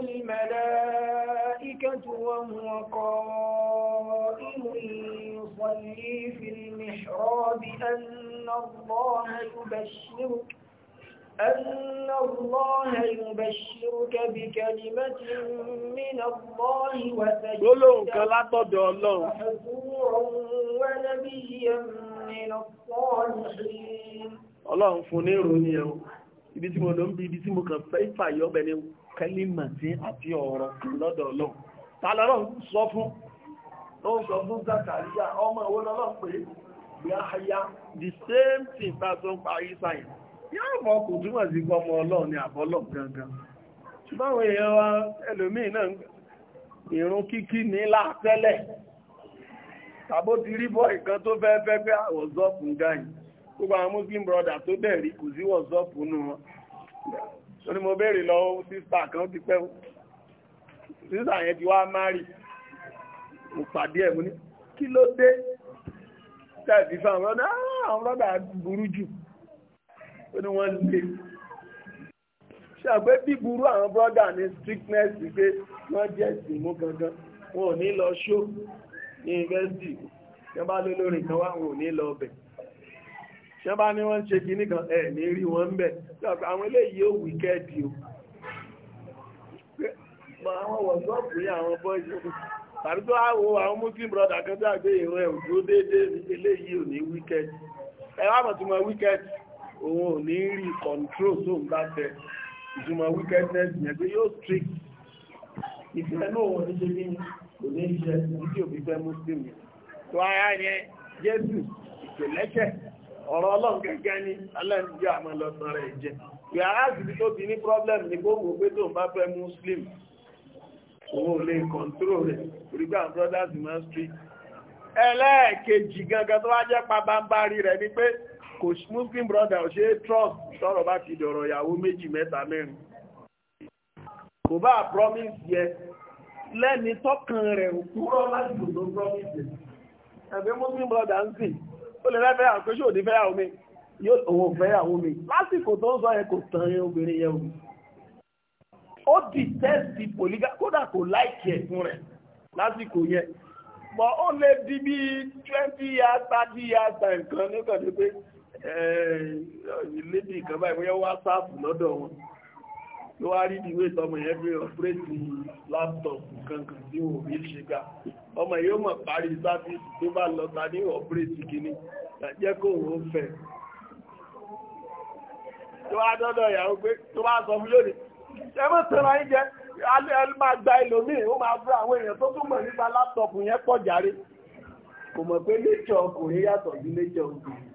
الملائكة وهو قائم يصلي في المحراب أن الله يبشرك أن الله يبشرك بكلمة من الله وسجدا وحزورا ونبيا من الصالحين الله فنير يوم ibi tí mo lọ ń bí ibi tí mo kàn fẹ́ fàyọ́ ọbẹ̀ ni kẹ́límà tí àti ọ̀rọ̀ lọ́dọ̀ ọlọ́run ta lọ́rọ̀ sọ fún ó sọ fún Zakaria ọmọ owó lọ́lọ́ pé Yahya the same thing bá tó ń parí sáyẹn yóò mọ kò túmọ̀ sí ọmọ ọlọ́run ni àbọ́lọ̀ gangan ṣùgbọ́n àwọn èèyàn wa ẹlòmíì náà ìrun kíkí ní látẹ́lẹ̀ tàbó ti rí bọ́ ìkan tó fẹ́ fẹ́ pé àwọ̀zọ́ fún gáyìí gbogbo àwọn muslim brother tó dẹ̀ rí kò sí wọ́sọ́ọ̀pù nù wọn tó ní mo béèrè lọ́wọ́ sísà kan ti pẹ́ sísà yẹn ti wá márì mo pàdé ẹ̀ mo ní kí ló dé tẹ́ẹ̀fì fún àwọn brother ah, àwọn brother burú jù ó ní wọ́n lè ṣàgbé bíburú àwọn brother ní strictness pé wọ́n jẹ́ ìsìnkú gangan wọn ò ní lọ ṣó ní yunifásitì tí wọ́n bá lólórin kan wá wọn ò ní lọ bẹ̀ ṣe bá ní wọ́n ṣe kìíní kan ẹ̀ ní rí wọn ń bẹ̀ àwọn eléyìí ò wíkẹ́ẹ̀dì o àwọn wọ̀sọ́ọ̀pù ní àwọn bọ́ọ̀sì tàbí tó àwọ àwọn muslim brother kan tí àgbé ìwọ̀n ẹ̀ òjò déédéé ní eléyìí ò ní wíkẹ́ẹ̀dì ẹ wá mọ̀ tí mo wíkẹ́ẹ̀dì òun ò ní rí control tó ń bá fẹ́ ìtumọ̀ wíkẹ́ẹ̀dì yẹn pé yóò strict ìfẹ́ náà wọ́n ní ṣe ní kò ní ṣe ní tí òbí fẹ́ muslim yẹn tó ara yẹn jésù ìpèlẹ́ṣẹ̀ ọ̀rọ̀ ọlọ́run gẹ́gẹ́ ní aláìníjì àmọ́ lọ́sàn rẹ̀ jẹ́ pé aráàlú tó ti ní problem ní gbogbo pé tó ń bá fẹ́ muslim òun ò lè kọ̀ǹtúrò rẹ̀ orígbà brothers in ministry ẹlẹ́ẹ̀kejì gangan tó wá jẹ́ pabambari rẹ̀ ni pé kò muslim brother ò ṣe trust sọ̀rọ̀ bá ti dọ̀rọ̀ ìyàwó méjì mẹ́ta mẹ́rin kò bá promise yẹ lẹ́ni tọ́kàn rẹ̀ òkúrọ̀ láti gbogbo promise ẹ̀fẹ́ muslim brother ń sìn ó lè fẹ́ fẹ́yàwó pé yóò ní fẹ́yàwó mi yóò òun fẹ́yàwó mi lásìkò tó ń sọ yẹn kò tàn yẹn obìnrin yẹn o ó dìtẹ́sì pòlígà kódà kò láìkì ẹ̀ fún rẹ̀ lásìkò yẹn bọ̀ ó lè di bí twenty years thirty years nǹkan nígbà tó pé ẹ̀ẹ́d eh, ló wá rí ìwé tọmọ ẹgbẹ́ ọ̀pẹ́tì láptọ̀pù kankan tí wò rí ṣígbà ọmọ yóò mọ̀ parí sáfíìsì tó bá lọ́ta ní ọ̀pẹ́tì kìíní jẹ́ kó wọ́n fẹ́ tó wá dọ́dọ̀ ìyàwó pé tó bá sọ fún lónìí ẹ mọ́ tẹ́ra yín jẹ́ alẹ́ máa gba ẹlòmíì ó máa fún àwọn èèyàn tó tún mọ̀ nípa láptọ̀pù yẹn pọ̀ járe kò mọ̀ pé lẹ́jọ́ ọkùnrin yàtọ̀ sí lẹ́jọ́ obìnrin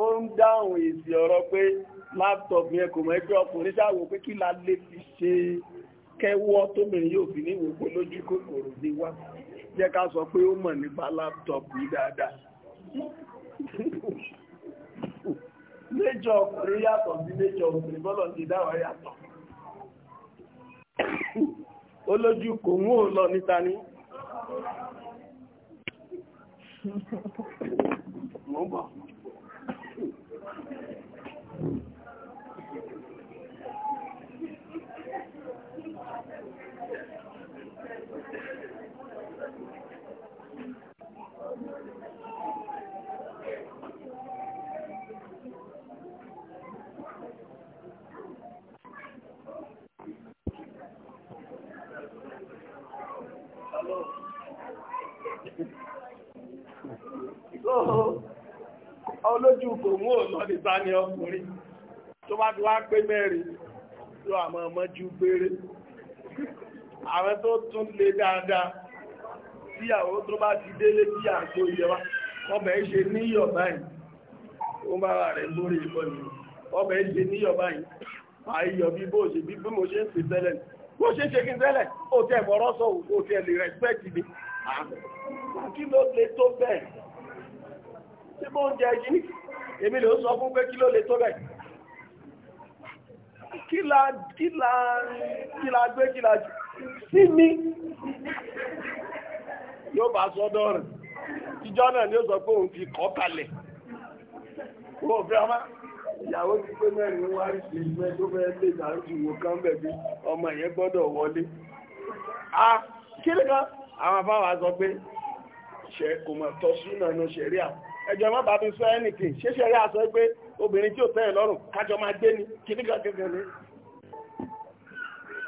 ó ń dáhùn èsì ọ̀rọ̀ pé laptop yẹn kò mọ̀ ẹgbẹ́ ọkùnrin sáwò pé kí la lè fi ṣe kẹwọ́ tóbìnrin yóò fi ní ìwòpó lójú kòkòrò ní wá jẹ́ ká sọ pé ó mọ̀ nípa laptop yìí dáadáa lẹ́jọ́ ọkùnrin yàtọ̀ sí lẹ́jọ́ ọkùnrin bọ́lọ̀ ti dáwà yàtọ̀ olójú kò mú ò lọ níta ní mọ́bọ̀ olójú kò mú ọ̀nà nìta ni ọkùnrin tó bá ti wá pé mẹ́rin tó àmọ́ ọmọ ju péré àwọn tó tún lè dáadáa tíyàwó tó bá ti délé bí àgbò ìyẹwà ọbẹ̀ ṣe níyọ̀ báyìí ó bá rẹ̀ ṣe níyọ̀ báyìí tí bó ń jẹ yìí èmi lè sọ fún pé kí ló lè tó bẹ̀ kí la kí la kí la gbé kí la jù sí mi yóò bá sọ́dọ̀ rẹ̀ ìjọ náà ni ó sọ pé òun ti kọ́ kalẹ̀ wọ́n ò fẹ́ ọmọ ìyàwó ti pé mẹ́rin wá rí sí ìgbẹ́ tó fẹ́ lè dàrúkú wò kán bẹ̀ bí ọmọ ìyẹn gbọ́dọ̀ wọlé a kí nìkan àwọn afáwà sọ pé ṣe kò mọ̀ tọ́sùn náà ní ṣẹ̀rí àwọn ẹjọ́ má bàbí sọ ẹnìkè ṣéṣe rí àṣọ pé obìnrin tí ò tẹ́ ẹ̀ lọ́rùn kájọ máa gbé ní kíní kankan ní.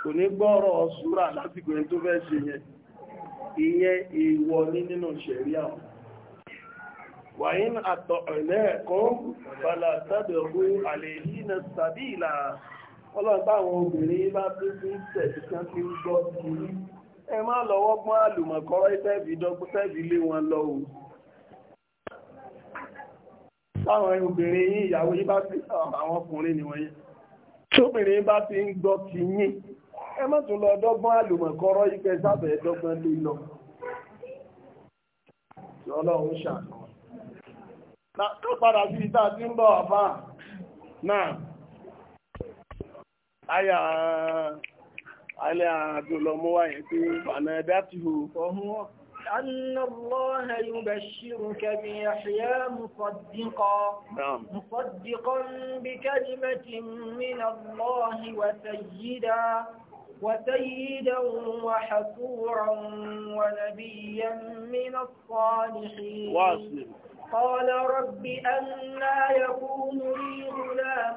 kò ní gbọ́rọ̀ ṣúra lásìkò ẹni tó fẹ́ ṣe yẹn ìyẹn ìwọ ní nínú ṣẹ̀rí àwọn. wàyín àtọ̀ ẹ̀lẹ́ ẹ̀kọ́ bala tábẹ̀kú àlèyínà sàbíìlà ọlọ́run táwọn obìnrin bá bí sí tẹ̀síkán tí ń gbọ́ sí ẹ má lọ́wọ́ gbọ́n àlùmọ̀kọ́rọ́ ìfẹ́ fi lé wọn lọ́wọ́ táwọn obìnrin yín ìyàwó yín bá ti àwọn ọkùnrin wọ́n yẹn tóbìnrin bá fi ń gbọ́ ti yín ẹ má tún lọ dọ́gbọ́n àlùmọ̀kọ́rọ́ yìí sábẹ̀ dọ́gbọ́n lé lọ ọlọ́run ṣàkọ́ أن الله يبشرك بيحيى مصدقا نعم مصدقا بكلمة من الله وسيدا وسيدا وحسورا ونبيا من الصالحين واصل قال رب أنا يكون لي غلام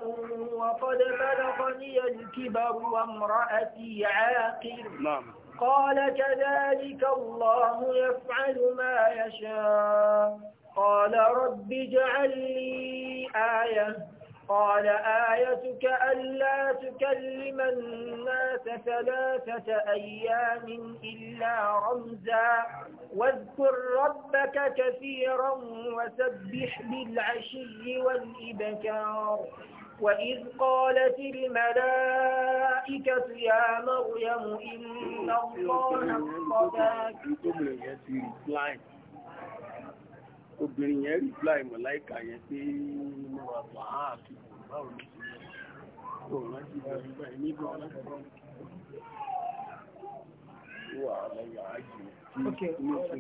وقد بلغني الكبر وامرأتي عاقر نعم قال كذلك الله يفعل ما يشاء قال رب اجعل لي آية قال آيتك ألا تكلم الناس ثلاثة أيام إلا رمزا واذكر ربك كثيرا وسبح بالعشي والإبكار وإذ قالت الملائكة يا مريم إن الله اصطفاك obìnrin yẹn rìpláì mọ̀láìkà yẹn pé mo wà wà á àti báwo ló ti yẹ kó rántí báyìí báyìí nígbà láti bọ́ wà á lẹ́yà ájì tí mo ṣe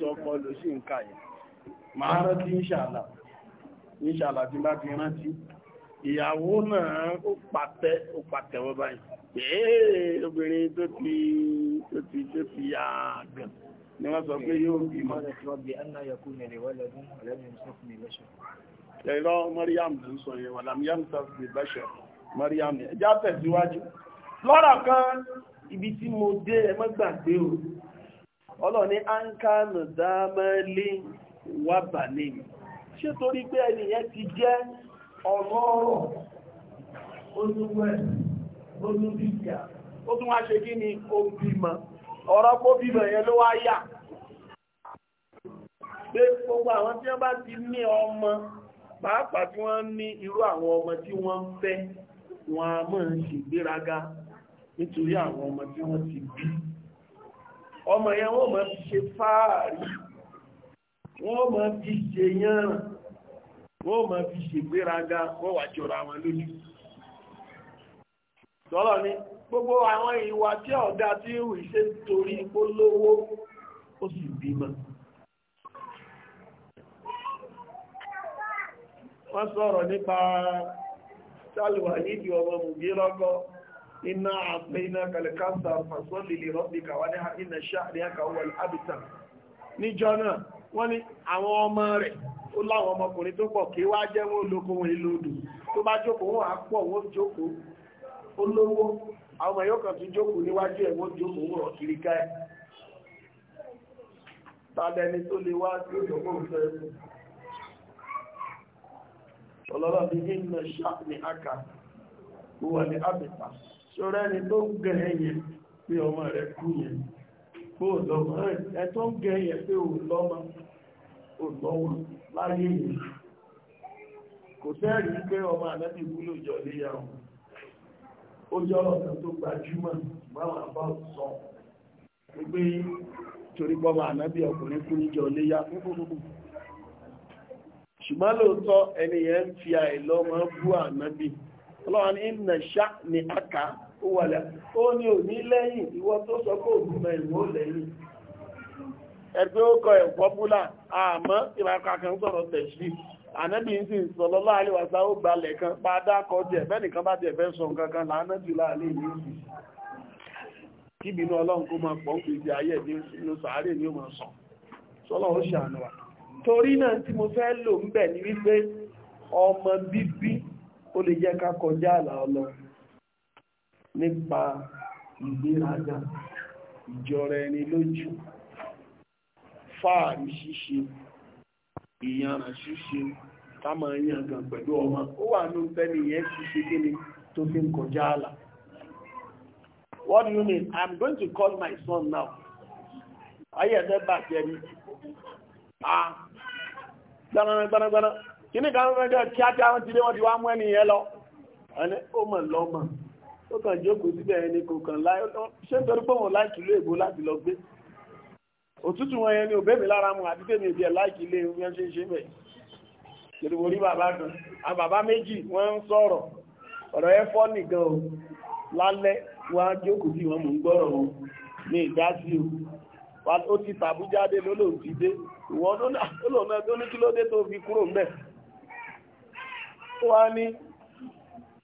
tọkọ ló sì ń kà yẹn máa rántí ìṣàlá ìṣàlá tí bá ti rántí ìyàwó náà ó pàtẹ́ ó pàtẹ́wọ́ báyìí ẹ̀ẹ́ obìnrin tó ti tó ti tó ti ya gbẹ̀m ni wọ́n sọ pé yóò bí mọ́ ẹ̀rọ Mariam ló ń sọ yẹn wà lámíyàn sáfì bẹ́ṣẹ̀ lọ́rọ̀ kan ibi tí mo dé ẹ má ni o ọlọ́ni ankanu dámẹ́lì wábà lẹ́yìn ṣé torí pé ẹni yẹn ti jẹ́ ọlọ́rọ̀ olúwẹ̀ olúbíjà ó tún wá ṣe kí ni ó bímọ ọ̀rọ̀ kó bímọ yẹn ló wá yà pé gbogbo àwọn tí wọ́n bá ti ní ọmọ pàápàá tí wọ́n ní irú a máa ń ṣègbéraga nítorí àwọn ọmọ tí wọ́n ti bí ọmọ yẹn wọ́n máa ṣe fáàrí wọ́n ma fi ṣe yánà wọ́n ma fi ṣègbéraga wọ́n wà jọra àwọn lójú tọ́lọ̀ ni gbogbo àwọn ìwà tí ọ̀dá tí ìwù ṣe torí ipò lówó ó sì bímọ wọ́n sọ̀rọ̀ nípa sálùwà níbi ọmọ mùgbé lọ́gọ́ iná àpẹ́iná kàlẹ̀káńtà fàṣọ́lì lè ní àkàwọ̀ níjọ́ náà wọ́n ní àwọn ọmọ rẹ̀ ó láwọn ọmọkùnrin tó pọ̀ kí wá jẹ́ wọ́n olóko wọn ìlú odò tó bá jókòó wọn á pọ̀ wọ́n jókòó olówó àwọn ọmọ yóò kàn tún jókòó níwájú ẹ̀ wọ́n jókòó wọn ọ̀kiri ká ẹ̀ tó lè wá sí òjòkó ìfẹ́ ẹ̀sùn ni àbìta ṣọ́rẹ́ ni tó gẹ̀ẹ́yẹ pé ọmọ rẹ̀ kú kó lọ́mọ ẹ̀tọ́ ń gẹ yẹn pé ò láyé yìí kò sẹ́ẹ̀rí pé ọmọ ànábì wúlò jọ léyàwó ó jọ ọ̀nà tó gbajúmọ̀ báwọn àbá sọ torí ọkùnrin kú níjọ ṣùgbọ́n lóòótọ́ ẹni yẹn fi bú ọlọ́run ní ìnà ṣá ni àkàá O ó ní òní lẹ́yìn ìwọ tó sọ pé òmùmọ̀ ìwọ lẹ́yìn ẹgbẹ́ ó kọ ẹ̀kọ́ àmọ́ ìlàkà kan sọ̀rọ̀ tẹ̀sí ànábì ń sìn sọ̀lọ́ láàrin wàsá ó gbalẹ̀ kan bá bá fẹ́ sọ nǹkan kan lánàbì láàrin ìlú kíbinú ọlọ́run kó máa pọ̀ ń pè sí ayé inú sàárè ó máa sọ ó ṣàánú wa torí náà tí mo fẹ́ lò ń bẹ̀ ní wípé nípa ìgbéraga ìjọra ẹni lójú fáàrí ṣíṣe ìyànrà ṣíṣe káàmà yàngàn pẹ̀lú ọmọ ó wà ní pẹ́lú ìyẹn ṣíṣe kí ni tó fi ń kọjá àlà what do you mean i'm going to call my son now ayé ẹ̀dẹ́ bàjẹ́ ni ah gbanagbana gbanagbana kí ni kan rẹ̀ kíákíá wọn ti dé wọn ti wá mú ẹni yẹn lọ ẹni ó mọ̀ lọ́mọ̀ ó kàn jókòó síbẹ̀ ẹni kò kàn láì ṣé nítorí pé òun láìkì ìlú èbó láti lọ gbé òtútù wọn yẹn ni ò bẹ́ẹ̀ mi lára mu àti tèmi ìdí ẹ̀ láìkì ilé ìwé ṣe ń ṣe bẹ̀ kìrìwò rí bàbá kan àwọn bàbá méjì wọ́n ń sọ̀rọ̀ ọ̀rọ̀ ẹ fọ́ nìkan o lálẹ́ wọn á jókòó sí wọn mò gbọ́rọ̀ wọn ní ìdásí o ó ti tàbújáde lólóhùn ti dé ìwọ olóhùn náà ní kí tó fi kúrò ń bẹ̀ ó wá ní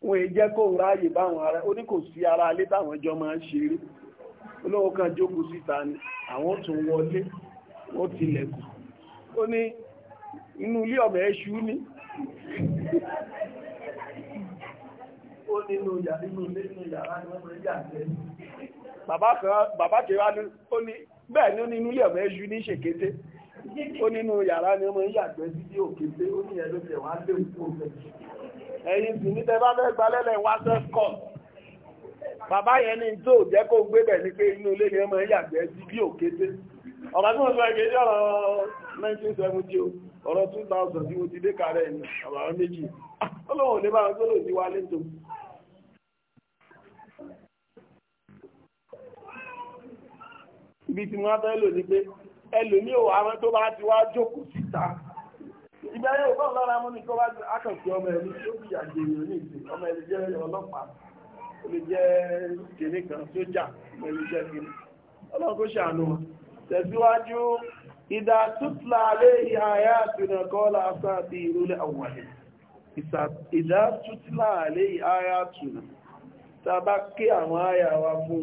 wọn è jẹ́ kó ráyè báwọn ará ó ní kò sí ara alé táwọn jọ máa ń ṣeré olówó kan jókòó síta ni àwọn tún wọlé wọ́n tilẹ̀kùn ó ní inú ilé ọ̀bẹ ẹṣú ni ó nínú yàrá ni wọ́n máa ń yà sẹ́yìn bàbá kẹwàá ní ó ní bẹ́ẹ̀ ni ó ní inú ilé ọ̀bẹ ẹṣú ní ṣèkété ó nínú yàrá ni wọ́n máa ń yàgbẹ́ sí òkété ó ní ẹ̀lọ́tẹ̀ ẹ̀yin sì ní tẹ́ bá fẹ́ gbalẹ́lẹ̀ wá sẹ́kọ̀ bàbá yẹn ní tó jẹ́ kó gbébẹ̀ ní pé inú ilé ni ọmọ ìyàgbẹ́ sí bí òkété ọ̀rọ̀ tí wọ́n sọ èké 1970 ọ̀rọ̀ 2000 tí mo ti dé kààrẹ̀ méjì ní ibi tí fẹ́ lò ní pé àwọn tó ibi yẹn ò bá lọ́ra mú ní kó wá akọ̀sí ọmọ tó fi àjẹ ní ìsìn ọmọ ẹni jẹ́ ọlọ́pàá ó lè jẹ́ kìnní kan sójà ọmọ ẹni jẹ́ kìnní ọlọ́run kó ṣàánú wọn tẹ̀síwájú ìdá tútùlà alẹ́ fún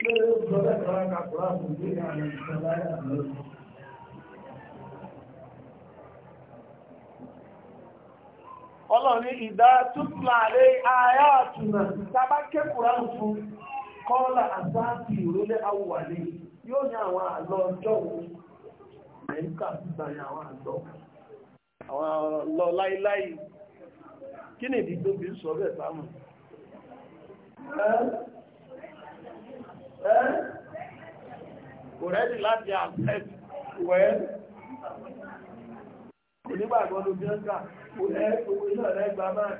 Ọlọ́run ìdá túnlà lé ayá àtùnà tàbá kékùrá fún kọ́lá àzáàtì ìrólẹ́ awùwàlé yóò ní àwọn àlọ́ ọjọ́ òun. Àyíká síta ní àwọn àlọ́. Àwọn àlọ́ láíláí. Kí ni ìdí sọ bẹ́ẹ̀ sáàmù? kò rẹ́dì láti àtẹ́sì wẹ́ kò ló bí ọ́nkà kò rẹ́ owó iná rẹ̀ gbà máa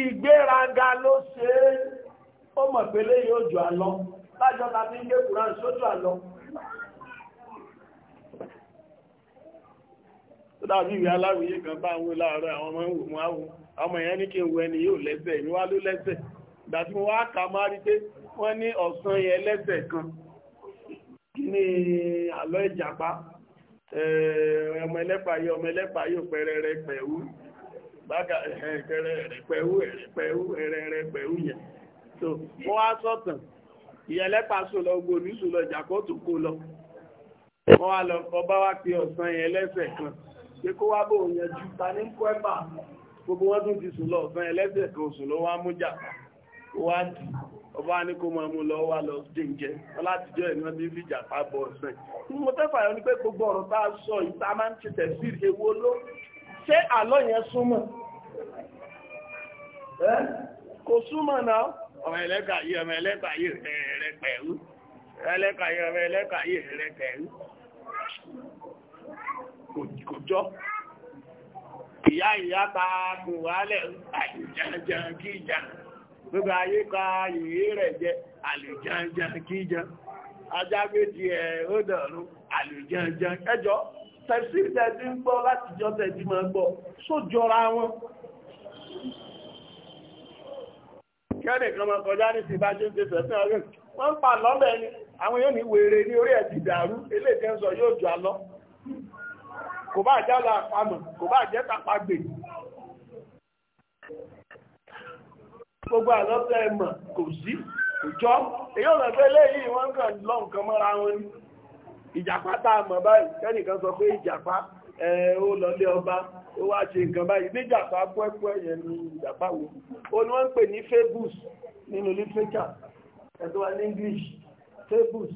ìgbéraga ló ṣe é ó mọ̀ pé léyìn òjò àlọ́ lájọ́ ta fi ń gé sójú àlọ́ dàbí ìwé aláwòye ọmọ àwọn ọmọ ìyẹn ní kí n gbàtí mo wá kà máa rí pé wọ́n ní ọ̀sán yẹn lẹ́sẹ̀ kan kí ni àlọ́ ìjàpá ọmọ ẹlẹ́pàá yìí ọmọ ẹlẹ́pàá yìí pẹ̀rẹ̀rẹ̀ pẹ̀wú pẹ̀wú yẹn so wọ́n wá sọ̀tàn ìyẹn ẹlẹ́pàá sùn lọ gbogbo oníṣù lọ jàkó tó kó lọ wọ́n wá lọ kọ́ bá wá pe ọ̀sán yẹn lẹ́sẹ̀ kan pé kó wá bò yanjú ta ní kọ́ gbogbo wọn tún ti sùn lọ ọ̀sán yẹn lẹ́sẹ̀ kan sùn ló wá mú jàpá wádìí ọba ní kó máa mú lọ wá lọ láti jẹ́ ní fìjà pábọ̀ ọ̀sẹ̀ mo tẹ́ fàyọ ní pé gbogbo ọ̀rọ̀ tá a sọ ìta máa ń ṣe tẹ̀sí èwo ló ṣé àlọ́ yẹn súnmọ́ kò súnmọ́ náà ọmọ ẹlẹ́ka yìí ọmọ ẹlẹ́ka yìí rẹ̀ pẹ̀lú ẹlẹ́ka yìí ọmọ ẹlẹ́ka yìí rẹ̀ pẹ̀lú kò jọ ìyá ìyá ta kùn wálẹ̀ àìjàjà gbogbo ayé ka ìyé rẹ̀ jẹ́ àlùjànjàn kíjàn ajá méjì ẹ̀ ó dọ̀rùn àlùjànjàn ẹjọ́ tẹ̀sí tẹ̀sí ń gbọ́ láti jọ tẹ̀sí máa gbọ́ sójọra wọn kẹ́rẹ̀ kan máa kọjá ní ti ni àwọn yóò ní wèrè ní orí ẹ̀ ti dàrú eléèkẹ́ ń sọ kò bá jẹ́ àpamọ̀ kò bá jẹ́ tapagbè gbogbo àlọ́tẹ̀ ẹ̀mọ̀ kò sí kò èyí ò lọ́pẹ́ léyìí wọ́n kàn lọ nǹkan mọ́ra wọn ni ìjàpá tá báyìí kẹ́nìkan sọ pé ìjàpá ó lọlé ọba ó wá ṣe nǹkan báyìí níjàpá pẹ́pẹ́ yẹn ni ìjàpá wo ó ní wọ́n ń pè ní fables nínú literature ẹ̀tọ́ wa ní English fables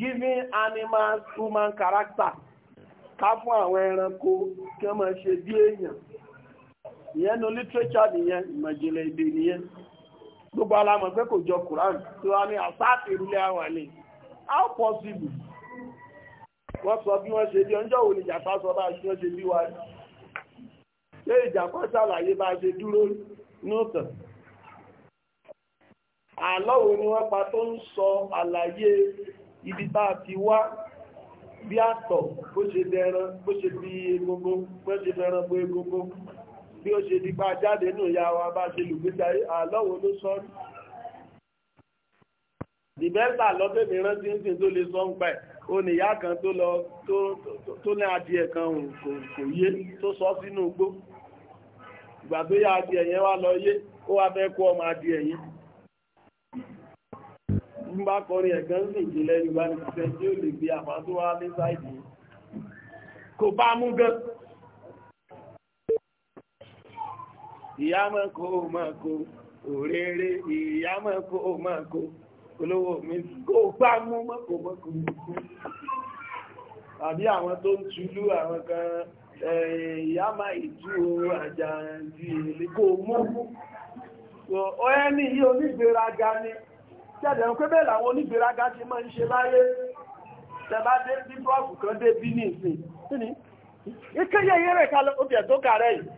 giving animals human character ká fún àwọn ẹranko kí wọ́n máa ṣe bí èèyàn ìyẹn nu literature nìyẹn ìmọ̀jìnlẹ̀ èdè nìyẹn gbogbo alamọ̀ pé kò jọ Quran tí wọ́n ní àsáàtì ìrúlé àwọn àlè how possible wọ́n sọ bí wọ́n ṣe bí ọjọ́ òní ìjàpá sọ bá ṣe wọ́n ṣe bí wa ṣé ìjàpá ṣàlàyé bá ṣe dúró nùtàn àlọ́ wo ni wọ́n pa tó ń sọ àlàyé ibi tá a ti wá bí àtọ̀ bó ṣe dẹran bó ṣe fi egungun bó ṣe dẹran bó egungun bí ó ṣe dípa jáde nù ya wa bá ṣe lùgbésí ayé àlọ́wọ́ ló sọ rí dìbẹ́sà lọ́bẹ̀ mìíràn tí ń sìn tó lè sọ ń pẹ̀ ó ní ìyá kan tó lọ tó ní adìẹ kan kò yé tó sọ sínú igbó ìgbà tó yá adìẹ yẹn wá lọ yé ó wá fẹ́ kó ọmọ adìẹ yẹn ń bá kọrin ẹ̀gán sì ìjìnlẹ̀ Yorùbá ní ṣiṣẹ́ tí ó lè gbé àfáàtúwá ní sáìdì kò bá mú gan-an ìyámọ́kó mọ́kó òrèrè ìyámọ́kó mọ́kó olówó mi kó gbá mú mọ́kó mọ́kó àbí àwọn tó ń túlú àwọn kan ìyámà ìtú èlé kó yí ni tẹ́lẹ̀ ń bẹ́ẹ̀ làwọn ti máa ń ṣe láyé tẹ́bá dé bí bọ́ọ̀kù kan dé bí ní ìsìn kalẹ̀ tó yìí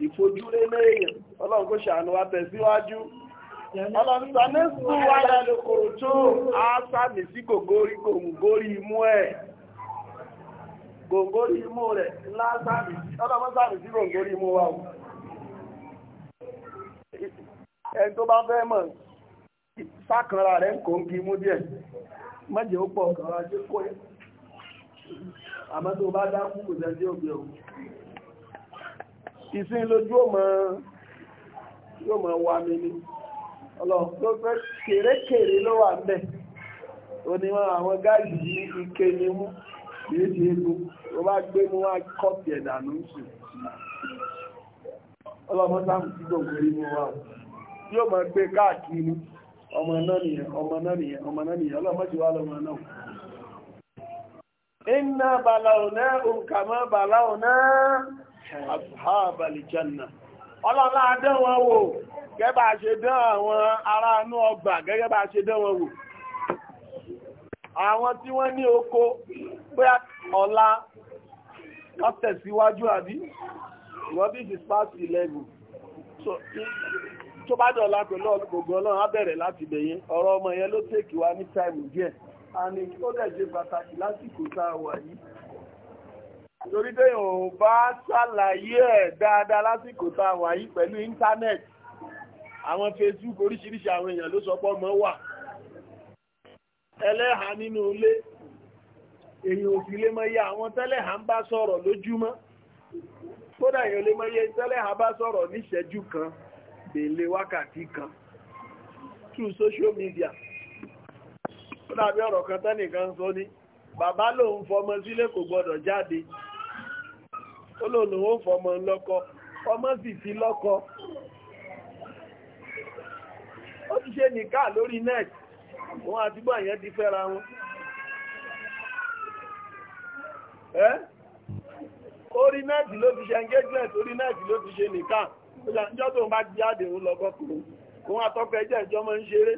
ìfojúlé léèyàn ọlọ́run kó ṣàánú wa tẹ̀síwájú ọlọ́run sọ ní sùn wà lálùkòrò tó á sàmì sí gògórí gògórí imú ẹ̀ gògórí imú rẹ̀ lásàmì sí ọlọ́run sàmì sí gògórí imú wa o ẹni tó bá fẹ́ mọ̀ sákànra rẹ̀ ń kò ń kí imú díẹ̀ mọ́jẹ̀ ó pọ̀ kó yẹ àmọ́ tó bá dá kú kò òbí ọ̀hún ìsìn lójú ọmọ yóò mọ̀ wà mí ní ọlọ́pẹ́ kèrèkèrè ló wà àwọn gáàsì ike ni mú kìí ṣe bá gbé mú wá kọ́pì ẹ̀dà ló ń sùn sáàmù tí rí mú wá yóò mọ̀ gbé káàkiri ọmọ náà nìyẹn ashabal janna ọlọ́lá dán wọn wò gẹ́gẹ́ bá ṣe dán àwọn ará inú ọgbà gẹ́gẹ́ bá ṣe dán wọn wò àwọn tí wọ́n ní oko pé ọ̀la wọ́n tẹ̀síwájú àbí rubbish is past eleven tó bá dọ̀la pẹ̀lú ọgbogbo ọlọ́run á bẹ̀rẹ̀ láti bẹ̀yẹn ọ̀rọ̀ ọmọ yẹn ló tèkì wá ní táìmù díẹ̀ àní ó dẹ̀ ṣe pàtàkì lásìkò tá a wà yìí torí téèyàn ò bá ṣàlàyé ẹ̀ dáadáa lásìkò tá a wà yìí pẹ̀lú íńtánẹ́ẹ̀tì àwọn facebook oríṣiríṣi àwọn èèyàn ló sọ pé ọmọ wà ẹlẹ́hà nínú ilé èyàn òfin lè mọ́yé àwọn tẹ́lẹ̀hà ń bá sọ̀rọ̀ lójúmọ́ kódà èyàn lè mọ́yé tẹ́lẹ̀hà bá sọ̀rọ̀ níṣẹ́jú kan bèèlè wákàtí kan through social media kódà bí ọ̀rọ̀ kan tẹ́nìkan sọ ní bàbá lòun fọmọ sílé kò gbọdọ̀ jáde ó lò lòun ó fọmọ lọ́kọ ọmọ sì ti lọ́kọ ó ti ṣe nìká lórí net wọn àti bọ́ àyẹn ti fẹ́ra wọn ẹ́ orí nẹ́ẹ̀tì ló ti ṣe engagement orí nẹ́ẹ̀tì ló ti ṣe nìká ìjọ́ tó ń bá jáde ń lọ́kọ́ kúrò kó wọ́n ẹjẹ́ ìjọ́ mọ́ ń ṣeré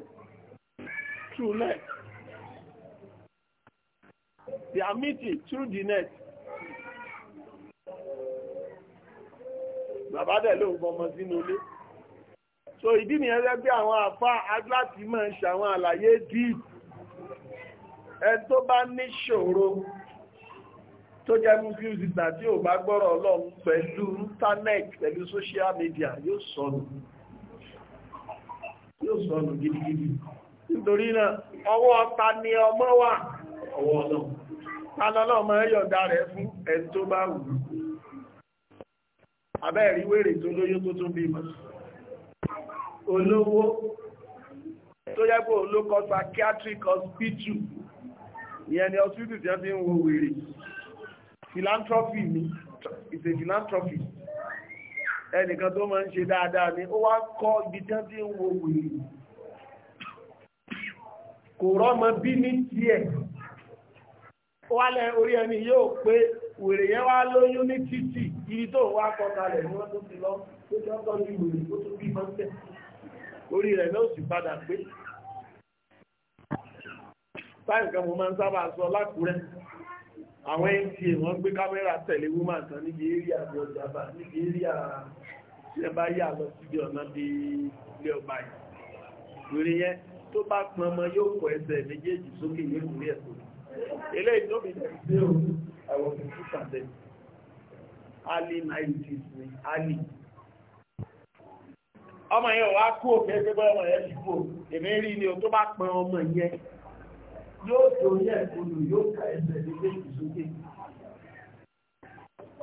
through net they are meeting through the net bàbá dẹ̀ ló ń ọmọ sínú ilé so ìdí nìyẹn rẹ bí àwọn àfa aláti máa ń àwọn àlàyé deep ẹ tó bá níṣòro tó jẹ́ muslim sista tí ò bá gbọ́rọ̀ ọlọ́run pẹ̀lú internet pẹ̀lú social media yóò sọnù yóò sọnù gidigidi nítorí náà ọwọ́ ta ni ọmọ wà ọwọ́ ọlọ́run ta lọ́lọ́ máa yọ̀dá rẹ̀ fún ẹ tó bá wù ú abẹ́ẹ̀rí wèrè tó lóyún tó tún bímọ olówó tó yẹ pé olókọ psychiatric hospital ìyẹn ni hospital tí wọ́n fi ń wo wèrè philanthropy ni is a philanthropy ẹnìkan tó máa ń ṣe dáadáa ni ó wá kọ́ ibi tí wọ́n ti ń wo wèrè kò rọ́mọ bí ní tiẹ̀ ó orí ẹni yóò pé wèrè yẹn wá lóyún ní títì ibi tó wá kọkalẹ̀ ní wọ́n tó ti lọ tó ti ọkọ̀ ní wèrè tó tó bí máa ń tẹ̀ orí rẹ̀ ló sì padà pé táyì kan mo máa ń sábà sọ lákùrẹ́ àwọn mta wọ́n gbé kámẹ́rà tẹ̀lé woman kan níbi eré àbí ọjà bá níbi eré àṣẹ bá yà lọ síbi ọ̀nà bí ilé ọba yìí wèrè yẹn tó bá pọn ọmọ yóò kọ ẹsẹ̀ méjèèjì sókè yóò rí ẹ̀kọ́ eléyìí ló fi dẹ̀ sí òun I was in Susan then. Early nineties, s with Ali. Ọmọ yẹn wá kú òkè ẹgbẹ́ bọ́ ọmọ yẹn ṣubú. Èmi rí ni o tó bá pẹ ọmọ yẹn. Yóò tó yẹ ìkọlù yóò ka ẹsẹ̀ ní méjì sókè.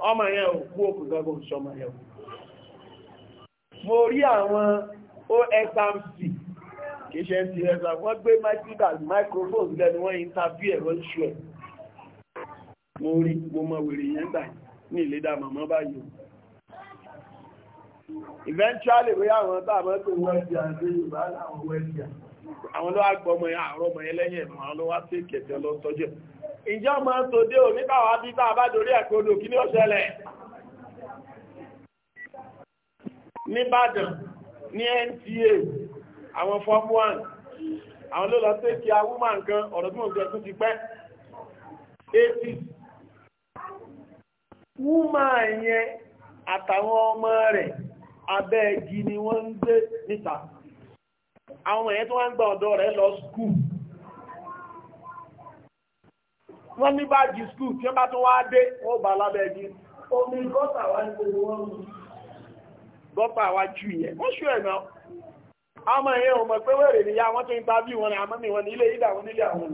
Ọmọ yẹn ò kú òkú gọ́gọ́ sọmọ yẹn o. Mo rí àwọn OSMC kì í ṣe ti ẹ̀sà wọ́n gbé microphone lẹ́nu wọ́n interview ẹ̀rọ iṣu ẹ̀ mo rí mo mọ wèrè yẹn gbà ní ìlédà màmá báyìí eventually bóyá àwọn bá àwọn tó wẹ́ẹ̀dì àti yorùbá láwọn wẹ́ẹ̀dì àwọn ló wá gbọ́ ọmọ yẹn àárọ̀ ọmọ yẹn lẹ́yìn ẹ̀mọ́ àwọn ló wá sí kẹ̀kẹ́ lọ tọ́jú ẹ̀ ǹjẹ́ ọmọ tó dé ò nígbà wá bí tá a bá dorí ẹ̀kọ́ odò kí ni ó ṣẹlẹ̀ nìbàdàn ní NTA àwọn form one àwọn ló lọ sí kí a woman kan ọ̀rọ̀ tí mo gbẹ tó ti pẹ́ 80 wúmà yẹn àtàwọn ọmọ rẹ̀ abẹ́ igi ni wọ́n ń gbé níta àwọn èyí tó wá ń gba ọ̀dọ́ rẹ̀ lọ skúù wọ́n ní báàgì skúù tí wọ́n bá tó wá dé wọ́n bá lábẹ́ omi gọ́tà wá ní wọ́n ṣù ò mọ̀ pé wẹ́rẹ̀ níyà wọ́n ń wọn ni àmọ́ mi wọn nílé wọn nílé wọ́n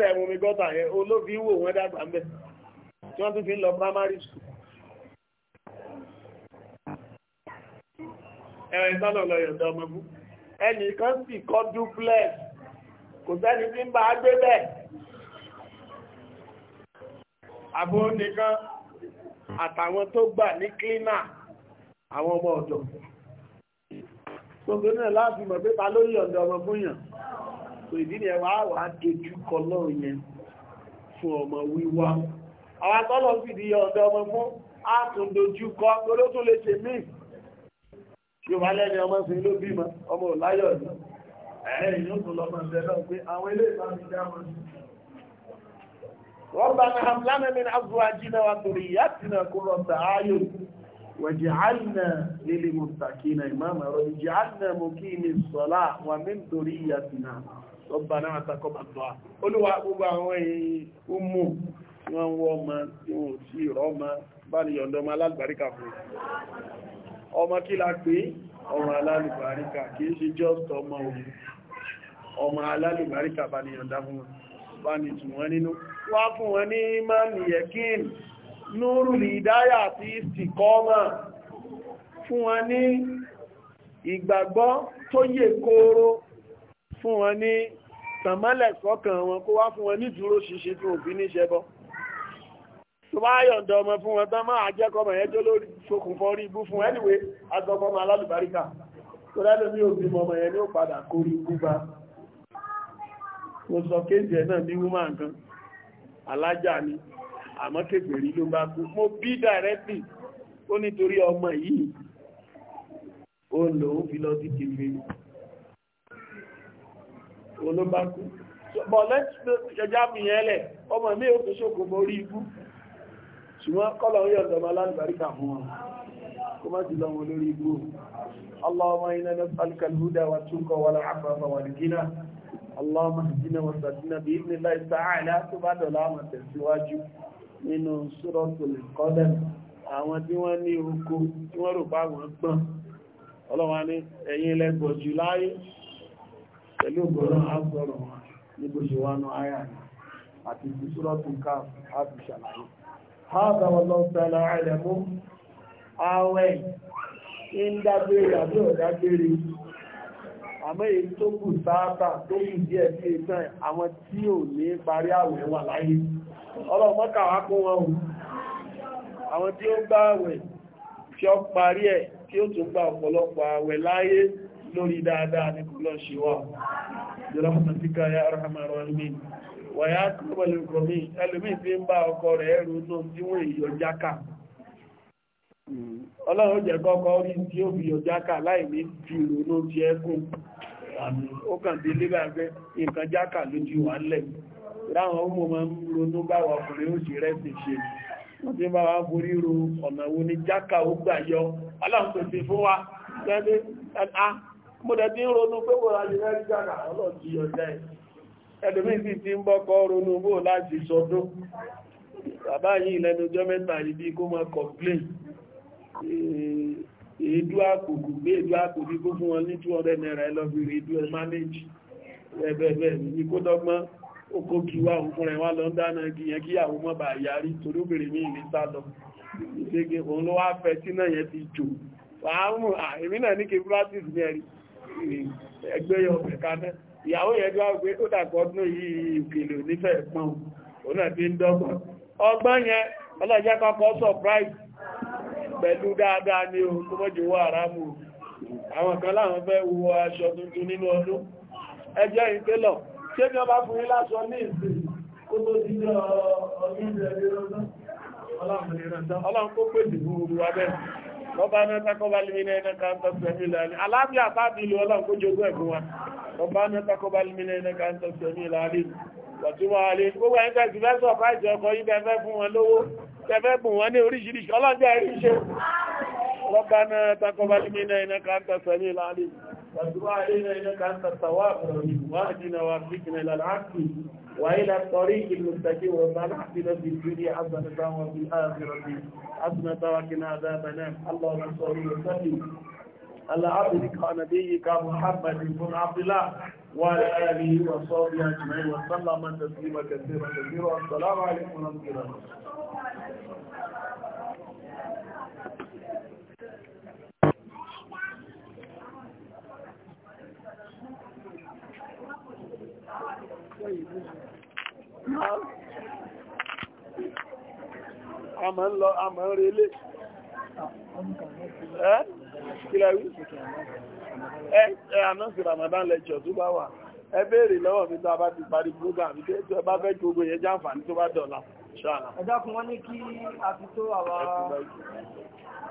dẹ̀ mú tí wọ́n tún fi ń lọ primary school ẹ̀rọ ìsọ́lọ̀ lọ yọ̀dọ̀ ọmọ bú ẹnì kan sì kọ́ duplex kò sẹ́ni tí ń bá gbé bẹ́ẹ̀ àbò nìkan àtàwọn tó gbà ní cleaner àwọn ọmọ ọ̀dọ̀ gbogbo náà láti mọ̀ pé ta ló yọ̀dọ̀ ọmọ yàn so ìdí ni ẹwà wà á dojú kọ lọ́ọ̀ yẹn fún ọmọ wíwá àwọn atọ́lọ̀ ń fìdí ọ̀dọ́ ọmọ fún àtúndojúkọ torí ó tún lè ṣe míì yorùbá lẹ́ni ọmọ sí ló bímọ ọmọ òláyọ̀ ní ẹ̀yìn yóò tún lọ́mọ ìbẹ̀ náà ربنا هب لنا من أزواجنا وذرياتنا قرة أعين واجعلنا للمتقين إماما وجعلنا مقيمي الصلاة ومن ذريتنا ربنا تقبل الدعاء Olúwa gbogbo àwọn èèyàn tí wọ́n ń wọ́ ọmọ tí wọ́n sí ìrọ́ ọmọ bá ní yọ̀ndọ́ ọmọ alálùbáríkà fún ọmọ kí la pé ọmọ alálùbáríkà kìí ṣe just ọmọ òun ọmọ alálùbáríkà bá ní yọ̀ndá fún wọn bá ní tù wọ́n nínú wá fún wọn ní mánì yẹ̀kín núrù ìdáyà àti ìsìnkọ́mọ̀ fún wọn ní ìgbàgbọ́ tó yè kóró fún wọn ní tàmálẹ̀ sọ́kàn wọn kó wá fún wọn ní dúró ṣinṣin tí òbí ní ṣẹbọ́ tó bá yọ̀ǹda ọmọ fún wọn tán máa jẹ́kọ́ mọ̀ ẹjọ́ lórí ṣokùnfọ́ rí ibú fún anyway agbọ́gbọ́ ma lálùbáríkà tó lẹ́nu ní òbí ọmọ yẹn ní ó padà kórí ibú bá mo sọ kéjì ẹ̀ náà ní wúmà nǹkan alájà ni àmọ́ kékeré ló bá kú mo bí dàrẹ́tì ó nítorí ọmọ yìí ó lò ó fi lọ sí kìfì olóbákú bọ̀ lẹ́tí ṣẹjá mi yẹn lẹ̀ ọmọ mi ò kò ṣokùnfọ́ rí ibú ṣùgbọ́n kọ́lọ̀ ń yọ̀dọ̀ ma lálùbáríkà fún wọn kó má jùlọ wọn lórí igbó allahumma inna nas'aluka al-huda wa tuqa wa al-'afwa wa al-ghina allahumma hdina wa sadina bi idhnillahi ta'ala tó bá dọ̀lá àmà tẹ̀síwájú nínú suratul qadam àwọn tí wọ́n ní oko tí wọ́n rò bá wọn gbọ́n ọlọ́wà ní ẹ̀yìn lẹ́gbọ̀ jù láyé pẹ̀lú ọgbọ̀rọ̀ agbọ̀rọ̀ àti ìsúrọ̀tún káàkiri àti ìṣàlàyé هذا والله تعالى أعلم àwẹ̀ ń dágbére àbí ọ̀dágbére àmọ́ èyí tó kù sáábà tó kù díẹ̀ sí ẹ̀sán àwọn tí ò ní parí àwẹ̀ wà láyé ọlọ́mọ́kà wá kún wọn o àwọn tí ó gbá àwẹ̀ ki o parí ẹ̀ tí ó tún gba ọ̀pọ̀lọpọ̀ àwẹ̀ láyé lórí dáadáa ní kúlọ̀ wọ̀nyá tó pẹ̀lú ìkòmí ẹlòmí tí ń bá ọkọ rẹ̀ ẹrù tó tí wọ́n jákà ọlọ́run jẹ́ kọ́kọ́ orí tí fi láì ní ti ìrònú ti ẹkùn ó kàn dé lébà pé nǹkan jákà ló ti ma ń ronú ọkùnrin ó sì ṣe wọ́n ti ro wo ni jákà ó gbà yọ ọlọ́run pèsè fún wa gẹ́gẹ́ mo dẹ̀ ti ń ronú pé mo ra jẹ́ jákà ọlọ́run ti ẹlòmíì sì ti ń bọ́kọ́ ronú bó láti sọdún bàbá yìí lẹ́nu ọjọ́ mẹ́ta yìí kó máa complain èédú àkùkù gbé èédú àkùkù kó fún wọn ní 200 naira ẹlọ́bìrì èédú ẹ manage ẹ̀bẹ̀ẹ̀bẹ̀ ní kó dọ́gbọ́n oko kí wá òkun rẹ̀ wá lọ dáná igi yẹn kí àwọn ọmọ bà yàrí torí obìnrin mi ìlú sá lọ ìṣègbè òun ló wá fẹ́ tí náà yẹn ti jò fàámù àìmínà ní kí practice ní ẹgbẹ́ yọ ọ̀bẹ̀ kanáà ìyàwó yẹn gbá pé ó dàpọ̀ ọdún yìí ìkèlò nífẹ̀ẹ́ pọ̀n òun náà ti ń dọ́gbọ̀n ọgbọ́n yẹn ọlọ́jẹ́ kọ́kọ́ surprise pẹ̀lú dáadáa ní ohun tó mọ́jú wọ́ àrámù àwọn kan láwọn fẹ́ wọ aṣọ tuntun nínú ọdún ẹjẹ́ ìtẹ́lọ̀ ṣé bí wọ́n bá fún yín láṣọ ní ìsìn kó tó ti jọ ọdún ìrẹ́lẹ́rọ́dán ọlọ́run kó pèsè fún gbogbo abẹ́rẹ́ ربنا تقبل منا انك انت السميع العليم علام يا فاضل ولا كوجو غوا ربنا تقبل منا انك انت السميع العليم وتوب علينا gbogbo en ta ti fẹ́ surprise ọkọ yín be fẹ́ fún wọn lówó te fẹ́ bùn wọn ní oríṣiríṣi Ọlọ́run jẹ́ rí ṣe ربنا تقبل منا انك انت السميع العليم وتوب علينا انك انت التواب الرحيم واهدنا وارزقنا الى العفو وإلى الطريق المستقيم وصالح حسنا في الدنيا حسنة وفي الآخرة حسنة وقنا عذاب النار اللهم صل وسلم على عبدك ونبيك محمد بن عبد الله وعلى آله وصحبه أجمعين وسلم تسليما كثيرا كثيرا والسلام عليكم ورحمة الله àmọ́ ń lọ àmọ́ ń relé ẹ́ kílẹ̀wí ẹ́ ànáṣì Ramadan lecture tó bá wà ẹ béèrè lọ́wọ́ mi tó bá ti parí program tó ẹ bá fẹ́ gbogbo yẹn jàǹfààní tó bá dọ̀la ṣáàlá ẹ̀dá fún wọn ní kí a fi tó àwa